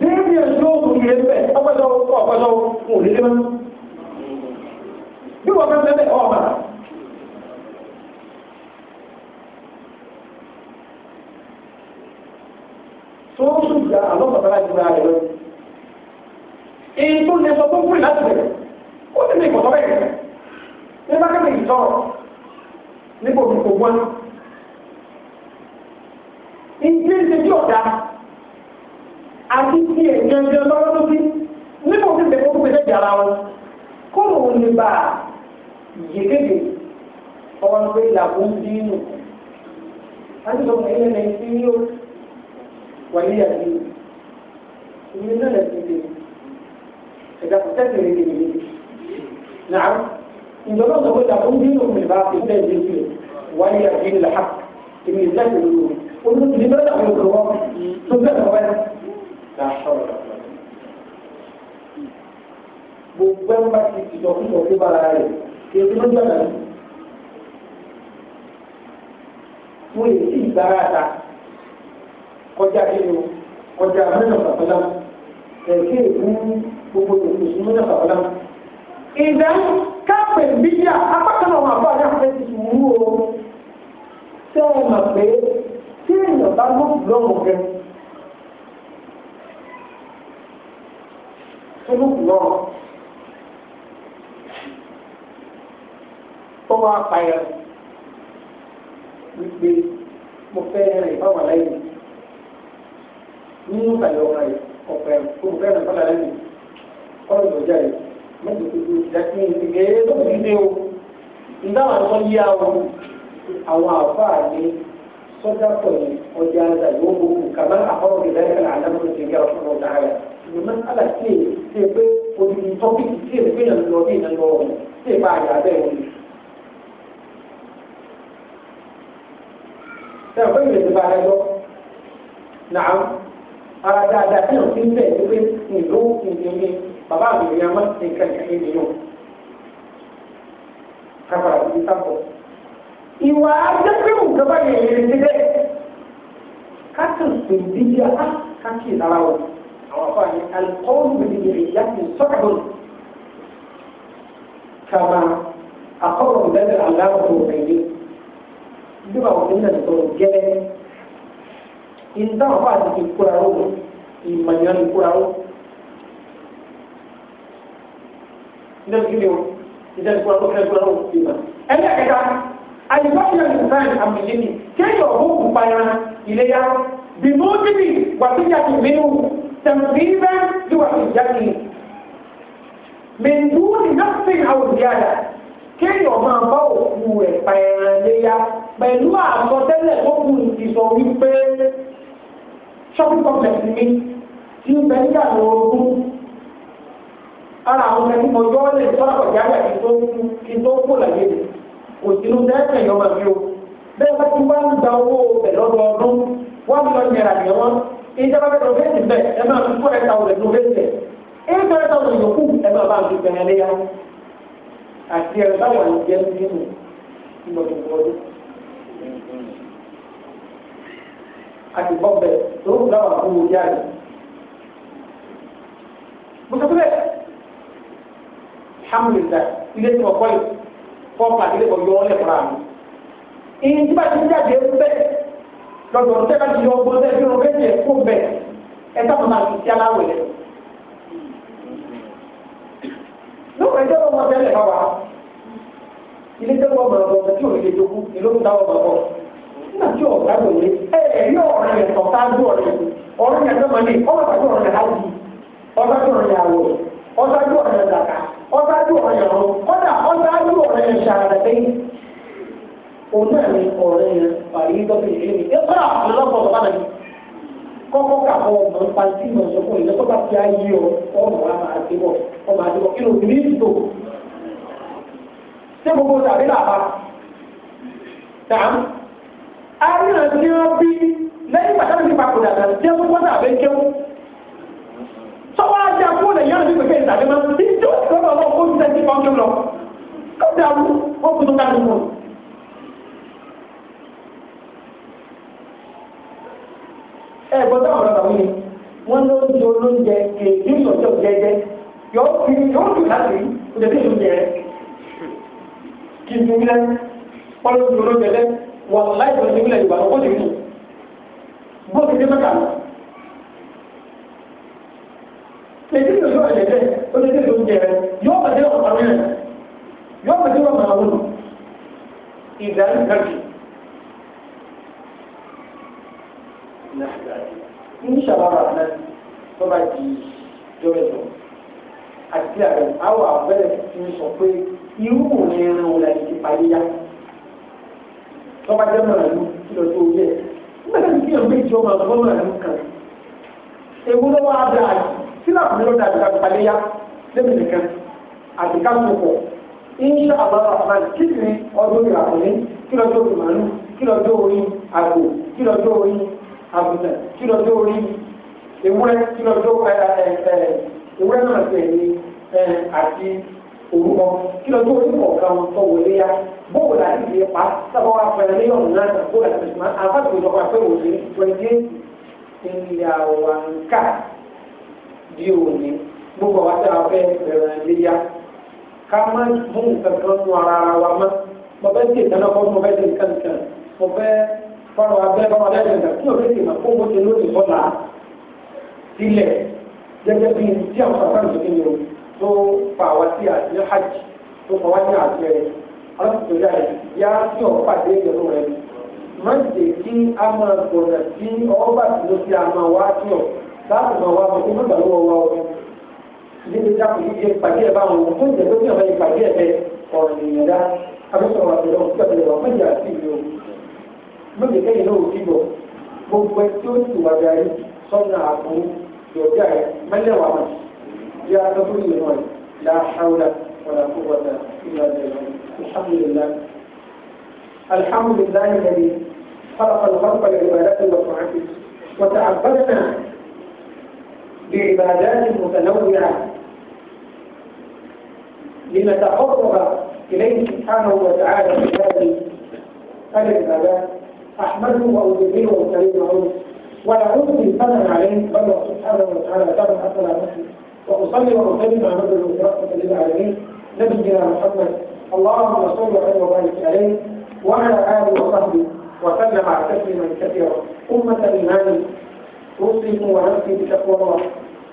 déédéé ẹ̀sọ́ òkú yìí ń bẹ̀ ọgbẹ́sọ ọgbẹ́sọ òkú òní lé mọ́ bí wọ́n fẹ́ bẹ́ẹ̀ ọ̀ma. tó ń sùn jà àlọ́ bàbá láti gba àlẹ́ lọ́wọ́ èyí tó lè sọ tó ń pè láti bẹ̀rẹ̀ ó ti lè kọ̀ sọ́bẹ̀ yẹn ní bá kẹ́kẹ́ yìí níbo mi kò wọ́n. Ìdí ń ṣe tí ọ̀dà àti tí ẹ̀yẹ́ndẹ́ lọ́wọ́ tó bí níbo mi bẹ̀rẹ̀ kó gbèsè jàrá wọn. Kó ló ń bá yékéde ọwọ́n pé ìlàkó ń dín nù. Láti sọ fún ẹ̀yẹ́ ní ní o wà ní ìyàtí. Ìyẹn náà lè ti dè. Ẹ̀dá kò tẹ́sí lè dè mí. Nàá ìjọba sọ̀rọ̀ ìjà fún bínú mi bá fi bẹ́ẹ̀ dé sílẹ̀ wáyé àti ilẹ̀ ha èmi ìjà ìlú mi olùkìlì bẹ́ẹ̀ dàbí olùkọ́ tó bẹ́ẹ̀ lọ́wọ́ ẹ̀ ká sọ̀rọ̀ gbogbo ẹ̀ bá ti ìjọkúsọ tó bá ara rẹ̀ kí ebi ló jọ̀dá ní. mo lè sí ìgbára ta kọjá nínú kọjá mẹ́nà kàkọ́lá ẹ̀kẹ́ ìlú gbogbo ìlú mùsùlùmí náà kàkọ́lá káàpẹ̀ bíyà apákan àwọn àbá ní àfẹ́ ti sùúrù o tẹ́ ẹ mọ̀ pé tí èèyàn bá ló lọ́wọ́ rẹ tó ló lọ́wọ́ ó wá payà wípé mo fẹ́ rìn báwọn lẹ́yìn nínú ìgbàlẹ̀ ọ̀rọ̀ ọ̀pẹ̀ tó mo fẹ́ lẹ́yìn ọ̀rọ̀ ìgbọ̀jà ìgbẹ́ sọ́jà pọ̀ ọjà àgbà yóò gbogbo kàmá àkọ́rọ̀ ìdá ìkàlà àdámọ́ tó ti ìgbìmọ̀ sálà sí èyí ẹ pé odidi tọ́pìkì sí èyí pé ìyànjú ọdún ìyànjú ọ̀rọ̀ sí èyí bá àyà bẹ́ẹ̀ wọlé. ṣé àpẹ́ ìrètí bá rẹ̀ lọ? nàá ara dáadáa tí wọ́n ti ń bẹ̀ ní pé ìlú ìdíyẹ bàbá mi ìyá má ti nǹkan nǹkan yẹn nínú kábàrà ìdí sábọ̀. ìwà ajẹ́pẹ́wò gbọ́dọ̀ yẹn yẹn ti bẹ́ẹ̀ kákan ìdíje á kákì lára wọn àwọn afọ àyè alikọ́ọ̀lù mi nìyẹn ìyá ti sọ̀rọ̀ kàmá akọ́kọ̀ ìdájọ́ aláwọ̀ òfin bí wàá òfin náà sọ̀rọ̀ gẹ́lẹ́ ìdáhùn àti ìkúra ó ìmọ̀nyán ìkúra ó. ìdájọ́ kí ni o ìdájọ́ kúrò ọkọ̀ ẹ̀kúrò ọkọ̀ ìgbà. ẹ̀yà kẹta àyùbáṣẹ́ ìsáyẹn àmìlẹ́ni kéèyàn òkú payá ìléyà bìmọ́tìbì wàtíjàtì mìíràn tẹ̀m̀bìrẹ́ bí wàtíjàtì mìndú ní nọ́ọ̀sì àwùjáyà kéèyàn máa bá òkú rẹ̀ payá ìléyà pẹ̀lú àsọtẹ́lẹ̀ tó kù ìsọ wípé shopping complex mi ti ń bẹ̀rẹ̀ àwọn ogun ara àwọn ẹni ọjọ́ lè sọ́nà ọ̀gá àgbà kí tó kí tó kó làyè rẹ̀ kò sínú sẹ́ẹ̀kẹ̀ yọmọ mi o bẹ́ẹ̀ bá ti wá ń gba owó ẹ̀ lọ́dọ̀ ọdún wọ́n lọ nyẹ̀rà yẹn wọn ìjọba bẹ́ẹ̀ lọ fẹ́ẹ̀sì bẹ́ẹ̀ ẹ máa fi kó ẹ̀ta ọ̀rẹ́ lọ fẹ́ẹ̀sì ẹ̀ ẹ̀ fẹ́ẹ̀ ta ọ̀rẹ́ yòókù ẹ máa bá fi bẹ̀rẹ̀ lé ya àti ẹ̀rọ táwọn àjẹ́ nínú ìmọ̀tòkò ọdún àti bọ́ọ̀bẹ̀ tó ń gbà wà alhamdulilayi ilé tí mo kọ́ yìí fọ́ọ̀pù àti ilé kan yọ mi. bá ti jáde ń bẹ́ lọ́dọ̀ ọ̀dọ́ tẹ́lá ti yọ ọgbọ́n tẹ́lá ti yọ ẹ máa fi tẹ́lẹ̀ bá wa ilé tí ìlú ń ọ̀dájú ọ̀rọ̀ yẹn lọ kọ́dà ọ̀dájú ọ̀rọ̀ yẹn ṣàrẹ̀ pé òun náà ni ọ̀rọ̀ yẹn pàrí dọ́kítà yìí ni ẹ̀kọ́ àlọ́kọ̀ ọ̀bá náà ni kọ́kọ́ kàkọ́ ọmọ pàǹtí mọ̀ sọ́kùn yìí lọ́kọ́ bá fi ayé ọ ọmọ wa máa dé bọ̀ ọmọ ní ìtò ṣé gbogbo lẹ́yìn pàtàkì papòdà náà ṣé gbogbo tàbí tọ́wọ́ ajá fún ọ̀nà yẹn lórí pẹ̀lú ìtàgé máa ti tó lọ́dọ̀ ọmọ kó ṣiṣẹ́ sí pọ́ńkì lọ kó dàrú ó kú tó ká lóko. ẹ gbọ́dọ̀ àwọn ọ̀rọ̀ yẹn wọ́n ló ń di olóúnjẹ èdè ìsọ̀tẹ̀ òjẹ́jẹ́ yóò fi yóò dùn láti òjẹ́jẹ́ ìsọ̀tẹ̀ rẹ̀ kí n tún lẹ́ wọ́n ló ń di olóúnjẹ lẹ́ èyí ló yọ ẹ̀jẹ̀ ó lè dé lóúnjẹ rẹ yọ ọ̀pẹ̀dé ọ̀pàmì rẹ yọ ọ̀pẹ̀dé ọ̀pàmì rẹ ìdá ìdájì ní ìṣàlọ́rọ̀ àná tó bá di jọ́mẹ́tọ̀ àti àrẹ àwọn àbẹ̀rẹ̀ ti sọ pé irú òun ẹran òun láti ti parí yá tó bá jẹ́ mọ̀ràn lù kí sílàpù mi ló dàbí ká paléyà lẹ́mi nìkan àti ká tó pọ̀ insha Allah rahman kí ni ọdún ìràkùnrin kí lọ́jọ́ orí màálù kí lọ́jọ́ orí àgbò kí lọ́jọ́ orí àgùntàn kí lọ́jọ́ orí ewúrẹ́ kí lọ́jọ́ ewúrẹ́ náà tẹ̀lé àti orúkọ kí lọ́jọ́ orí kọ̀ọ̀kan tó ya. yá bóòwò láti fi pa sábà wà fẹ́rẹ́ lé ọ̀nà náà kó láti fi máa àfàtúntò àfẹ́wò sí twenty eight ìyàwó àǹkà di òní gbogbo wa tá a fẹ́ bẹ̀rẹ̀ léyà ká má mú nǹkan kan nu ara wa mọ́ mo fẹ́ ṣe ìdáná kọ́ mo fẹ́ ṣe nǹkan kan mo fẹ́ fọ́nà abẹ́ fọ́nà abẹ́ nǹkan tí o fẹ́ ṣe máa fún mo ṣe lónìí bọ́lá sílẹ̀ gẹ́gẹ́ bí tí àwọn bàbá mi kí ni o tó fa àwa sí àti hajj tó fa wá sí àti ẹ̀ ọlọ́sọ̀tò yá ẹ̀ yá sí ọ̀ pàdé ìyẹ̀wò rẹ̀ má ṣe kí a máa gbọ̀nà sí ọ láti mọ̀ wá fún fún ìgbàlówó wa o níbi tá kò yíyẹ pàdé ẹ̀ báwọn ohun tó ń jẹ́ tó yàn báyìí pàdé ẹ̀ bẹ ọ̀rọ̀ ènìyàn dá abẹ́sọ̀rọ̀ àti ọ̀hún tó tẹ̀lé wà fún ìyá àti ìlú lóde kẹ́yìn náà ò sí bọ̀ gbogbo ẹ tí ó ti wà darí sọ́nà àbò yọ̀dá ẹ̀ mẹ́lẹ̀wà mà bí a sọ fún ìlú rẹ̀ láhàúlà wàlà kó wàlà ìlú àjẹ̀lẹ̀ alhamdulilayi alhamdulilayi lẹ́yìn fọlọ́fọlọ́ fọlọ́fọlọ́ ìbàdàn tó lọ fún àti wọ́n ti àgbàdàn náà. بعبادات متنوعة لنتقرب إليه سبحانه وتعالى في هذه العبادات أحمده وأجزله وكريم وأعوذ ولا أمضي عليه بل سبحانه وتعالى ثمن حسن نفسي وأصلي وأسلم على رب برحمة للعالمين نبينا محمد اللهم صل وسلم وبارك عليه وعلى آله وصحبه وسلم على تسليما كثيرا أمة الإيمان أوصيكم ونفسي بتقوى الله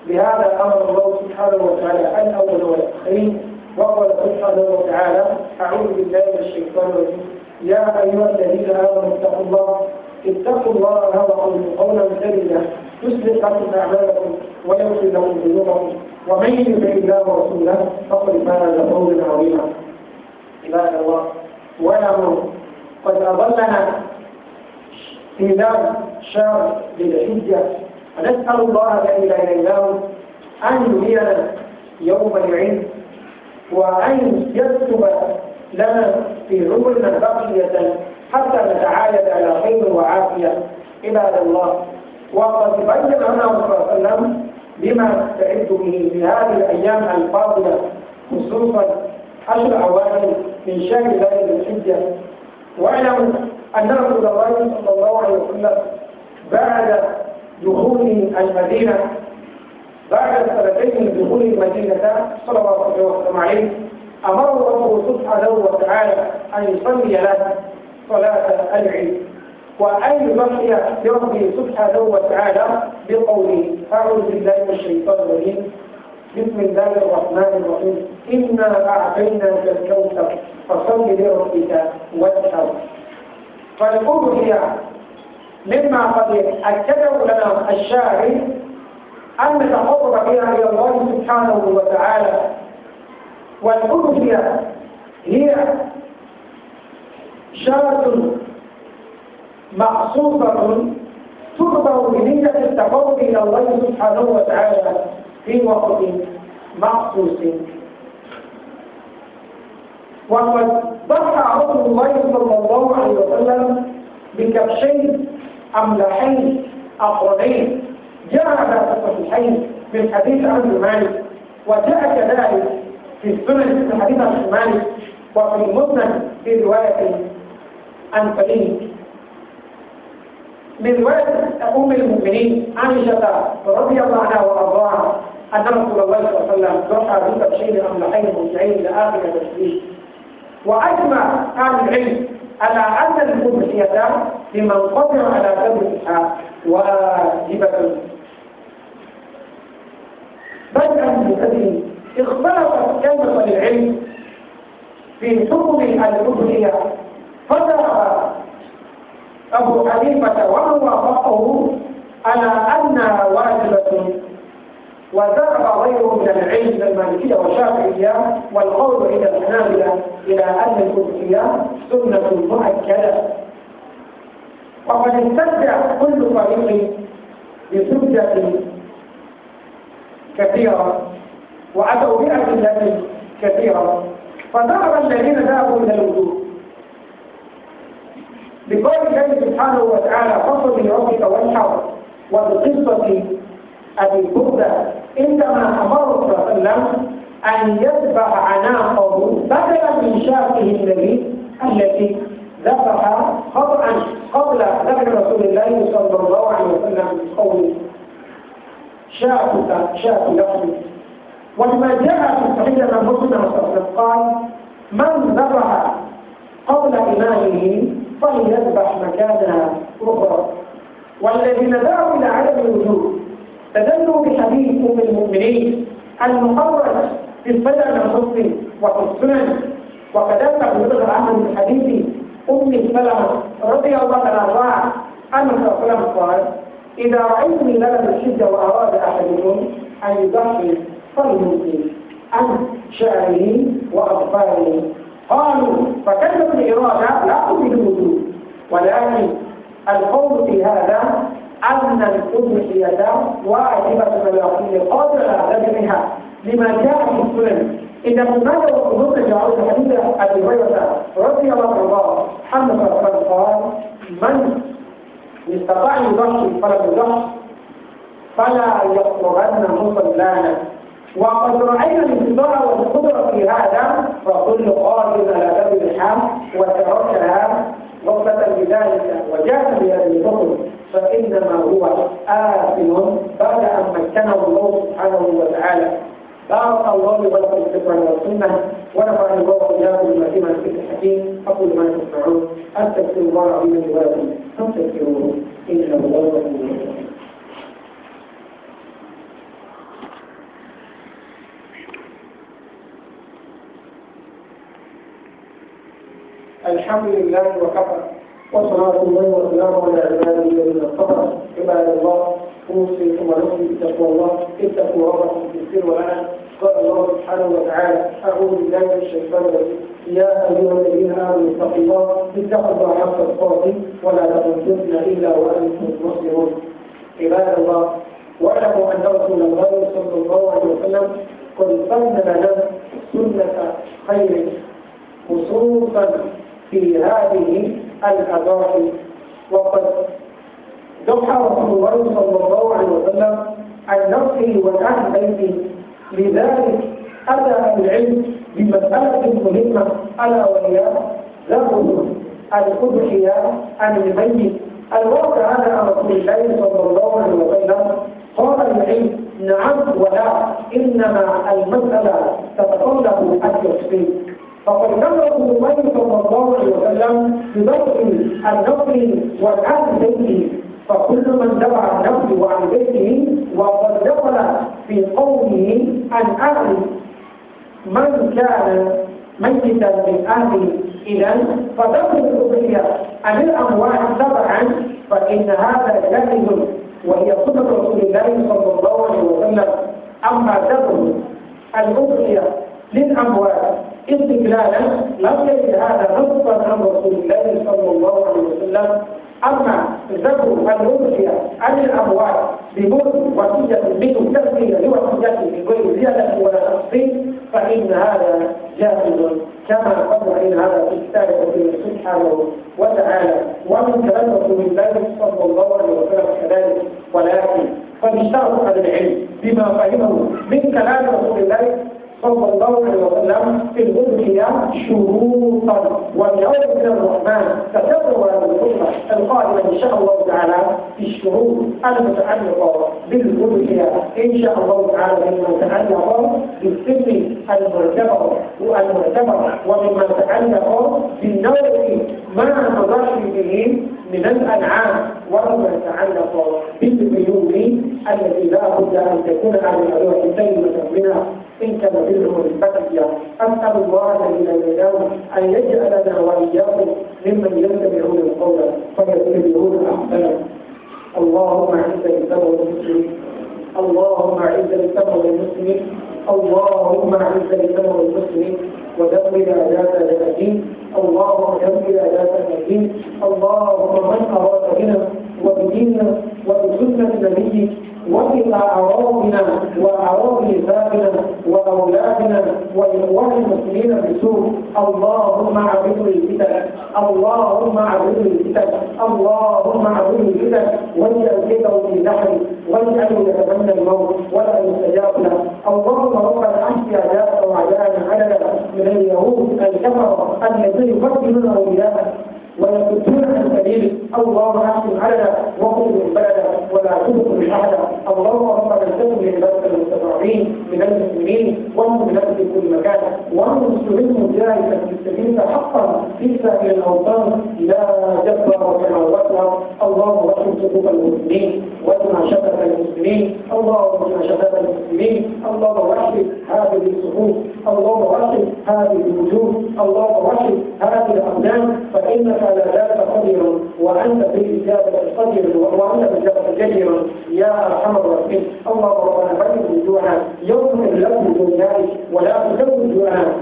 بهذا أمر الله سبحانه وتعالى الأول والآخرين وقال سبحانه وتعالى أعوذ بالله من الشيطان الرجيم يا أيها الذين آمنوا اتقوا الله اتقوا الله وقولوا قولا سديدا يصلح لكم أعمالكم ويغفر لكم ذنوبكم ومن يطع الله ورسوله فقد فاز فوزا عظيما عباد الله واعلموا قد أضلنا إمام شهر ذي الحجة نسأل الله لا إله إلا هو أن يهينا يوم العيد وأن يكتب لنا في عمرنا بقية حتى نتعايد على خير وعافية عباد الله وقد بين لنا صلى الله عليه وسلم بما نستعد به في هذه الأيام الفاضلة خصوصا عشر أوائل من شهر ذي الحجة واعلموا أن رسول الله صلى الله عليه وسلم بعد دخول المدينة بعد سنتين من دخول المدينة صلى الله عليه وسلم عليه أمر ربه سبحانه وتعالى أن يصلي له صلاة العيد وأن يبقي بربه سبحانه وتعالى بقوله أعوذ بالله من الشيطان الرجيم بسم الله الرحمن الرحيم إنا أعطيناك الكوثر فصل لربك وانحر قد هي مما قد أكده لنا الشاعر أن تقرب بها إلى الله سبحانه وتعالى والأوتي هي شارة مقصوصة تربى بنية التقرب إلى الله سبحانه وتعالى في وقت مخصوص وقد ضحى رسول الله صلى الله عليه وسلم بكبشين أملحين أقرنين جاء هذا في الصحيحين من حديث عن مالك وجاء كذلك في السنن من حديث عن مالك وفي المسند في رواية عن فريد من رواية أم المؤمنين عائشة رضي الله عنها وأرضاها أن رسول الله صلى الله عليه وسلم ضحى بكبشين أملحين مرجعين آخر التشريع وأجمع أهل العلم على أن المضحية لمن قدر على ذبحها واجبة بل أن هذه اختلفت كلمة العلم في حكم المضحية فترى أبو حنيفة ومن وافقه على أنها واجبة وذهب غيره من العلم من المالكية والشافعية والقول الى الحنابلة إلى أن القدسية سنة مؤكدة وقد استمتع كل فريق بسجة كثيرة وأتوا بأدلة كثيرة فذهب الذين ذهبوا إلى الوجود بقول الله سبحانه وتعالى فصل لربك والحر وبقصة أبي بردة عندما أمره صلى الله عليه وسلم أن يذبح عناقه بدلا من شاته الذي التي ذبح خطأ قبل ذكر رسول الله صلى الله عليه وسلم قوله شاتك شات لحمك ولما جاء في صحيح ان مسلم قال من ذبح قبل إمامه فليذبح مكانها أخرى والذين دعوا إلى عدم الوجود تدلوا بحديث أم المؤمنين المخرج نسبة للحسن وحسنا وكذلك يظهر عنه من حديث أم سلمة رضي الله عنها أن صلى الله قال إذا رأيت من لبن الشدة وأراد أحدكم أن يضحي فليمسك عن شعره وأظفاره قالوا فكلمة الإرادة لا تفيد الوجود ولكن القول في هذا أن الأضحية واجبة على كل قادر على منها لما جاء في السنن إن ماذا وقلت جعلت حديث أبي هريرة رضي الله عنه محمد صلى الله عليه وسلم من استطاع يضحي فلا يضحي فلا يقربن مصلانا وقد رأينا الانتظار والقدرة في هذا فكل قاتل على باب الحام وتركها غفلة بذلك وجاء بهذه الحكم فإنما هو آثم بعد أن مكنه الله سبحانه وتعالى بارك الله ولكم في القرآن والسنة ونفعني الله وإياكم بما فيما الذكر الحكيم أقول ما تسمعون أستغفر الله العظيم لي ولكم فاستغفروه إنه الله الغفور الرحيم الحمد لله وكفى وصلاة الله وسلامه على عباده الذين اصطفى عباد الله اوصيكم ونفسي بتقوى الله اتقوا ربكم في السر والعلن قال الله سبحانه وتعالى اعوذ بالله من الشيطان الرجيم يا ايها الذين امنوا اتقوا الله اتقوا الله حق تقاته ولا تموتن الا وانتم مسلمون عباد الله واعلموا ان رسول الله صلى الله عليه وسلم قد سن لنا سنه خير خصوصا في هذه الأضافة وقد دفع رسول الله صلى الله عليه وسلم عن نفسه وعن بيته لذلك أتى العلم بمسألة مهمة ألا وهي لفظ الأضحية عن الميت الواقع على رسول الله صلى الله عليه وسلم قال العلم نعم ولا إنما المسألة تتطلب أن فقد رسول النبي صلى الله عليه وسلم بضبط النفل والعهد بيته فكل من دفع النفل وعن بيته وقد دخل في قومه ان اهل من كان ميتا من اهله اذا فدخل الاضحيه عن الاموال سبعا فان هذا جائز وهي سنه رسول الله صلى الله عليه وسلم اما دخل لم يجد هذا نصا عن رسول الله صلى الله عليه وسلم أما ذكر الوصية عن الأموال بدون وصية بدون تسمية لوصيته بغير زيادة ولا تقصير فإن هذا جائز كما قد إن هذا في كتاب ربنا سبحانه وتعالى ومن كلام رسول الله صلى الله عليه وسلم كذلك ولكن فبشرط العلم بما فهمه من كلام رسول الله صلى الله عليه وسلم في الأمكنة شروطا واليوم من الرحمن تتبع الأمة القادمة إن شاء الله تعالى في الشروط المتعلقة بالأمكنة إن شاء الله تعالى مما تعلق بالسر المعتبر والمعتبر ومما تعلق بالنوع ما تضحي به من الأنعام وما تعلق بالبيوت التي لا بد أن تكون على الأدوات سلمة منها إن كان بره الفتية أسأل الله إلى لا أن يجعلنا وإياكم ممن يتبعون القول فيتبعون أحسنه اللهم أعز الإسلام والمسلمين اللهم أعز الإسلام والمسلمين اللهم أعز الإسلام والمسلمين ودمر أداة الدين اللهم دمر أداة الدين اللهم من أراد بنا وبديننا وبسنة نبيك وفي أعراضنا وأعراض نسائنا وأولادنا وإخوان المسلمين بسوء اللهم عبد الفتن اللهم عبد الفتن اللهم عبد الفتن وإن كده في وإن أن يتمنى الموت ولا يستجاب له اللهم ربنا احكي اعداءك واعداءنا عددا من اليهود الكفر الذين يقتلون اولياءك ويصدون عن سبيل الله احسن على وقل بلدا ولا تبطل احدا اللهم ربنا استغفر لبلد الصالحين من المؤمنين من في كل مكان والمسلمين مجاهدا في السبيل حقا في سائر الاوطان لا جبر وتناولتها اللهم رحم حقوق المسلمين واجمع شتات المسلمين اللهم رحم شتات المسلمين اللهم رحم هذه الصفوف اللهم رحم هذه الوجوه اللهم رحم هذه الاقدام فانك لا ذلك قدير وانت في اجابه قدير وانت بالاجابه جدير يا ارحم الراحمين اللهم ربنا بارك وجوهنا يوم تملك الدنيا ولا تزوج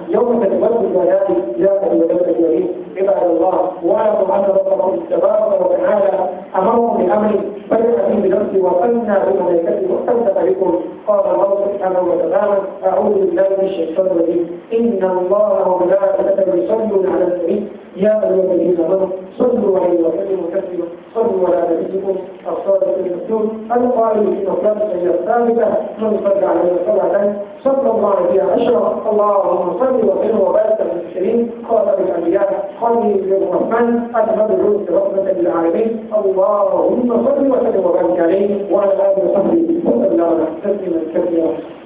يوم تتولد الأنام لا تزوج الأنام عباد الله واعلموا ان ربكم تبارك وتعالى امرهم بامر بدأ به بنفسه وقلنا بملائكته واستمسك بكم قال الله سبحانه وتعالى اعوذ بالله من الشيطان الرجيم ان الله وملائكته يصلون على النبي يا ايها الذين امنوا صلوا عليه وسلموا تسليما صلوا على نبيكم الصادق المسجود القائل في مقام السيئه ثابته من صلى عليه صلاه صلى الله عليه اشرف اللهم صل وسلم وبارك على المسلمين قال بالانبياء قومي للرحمن أدخله رحمة للعالمين اللهم صل وسلم وبارك عليه وعلى آله وصحبه وسلم أحسن من كثيرا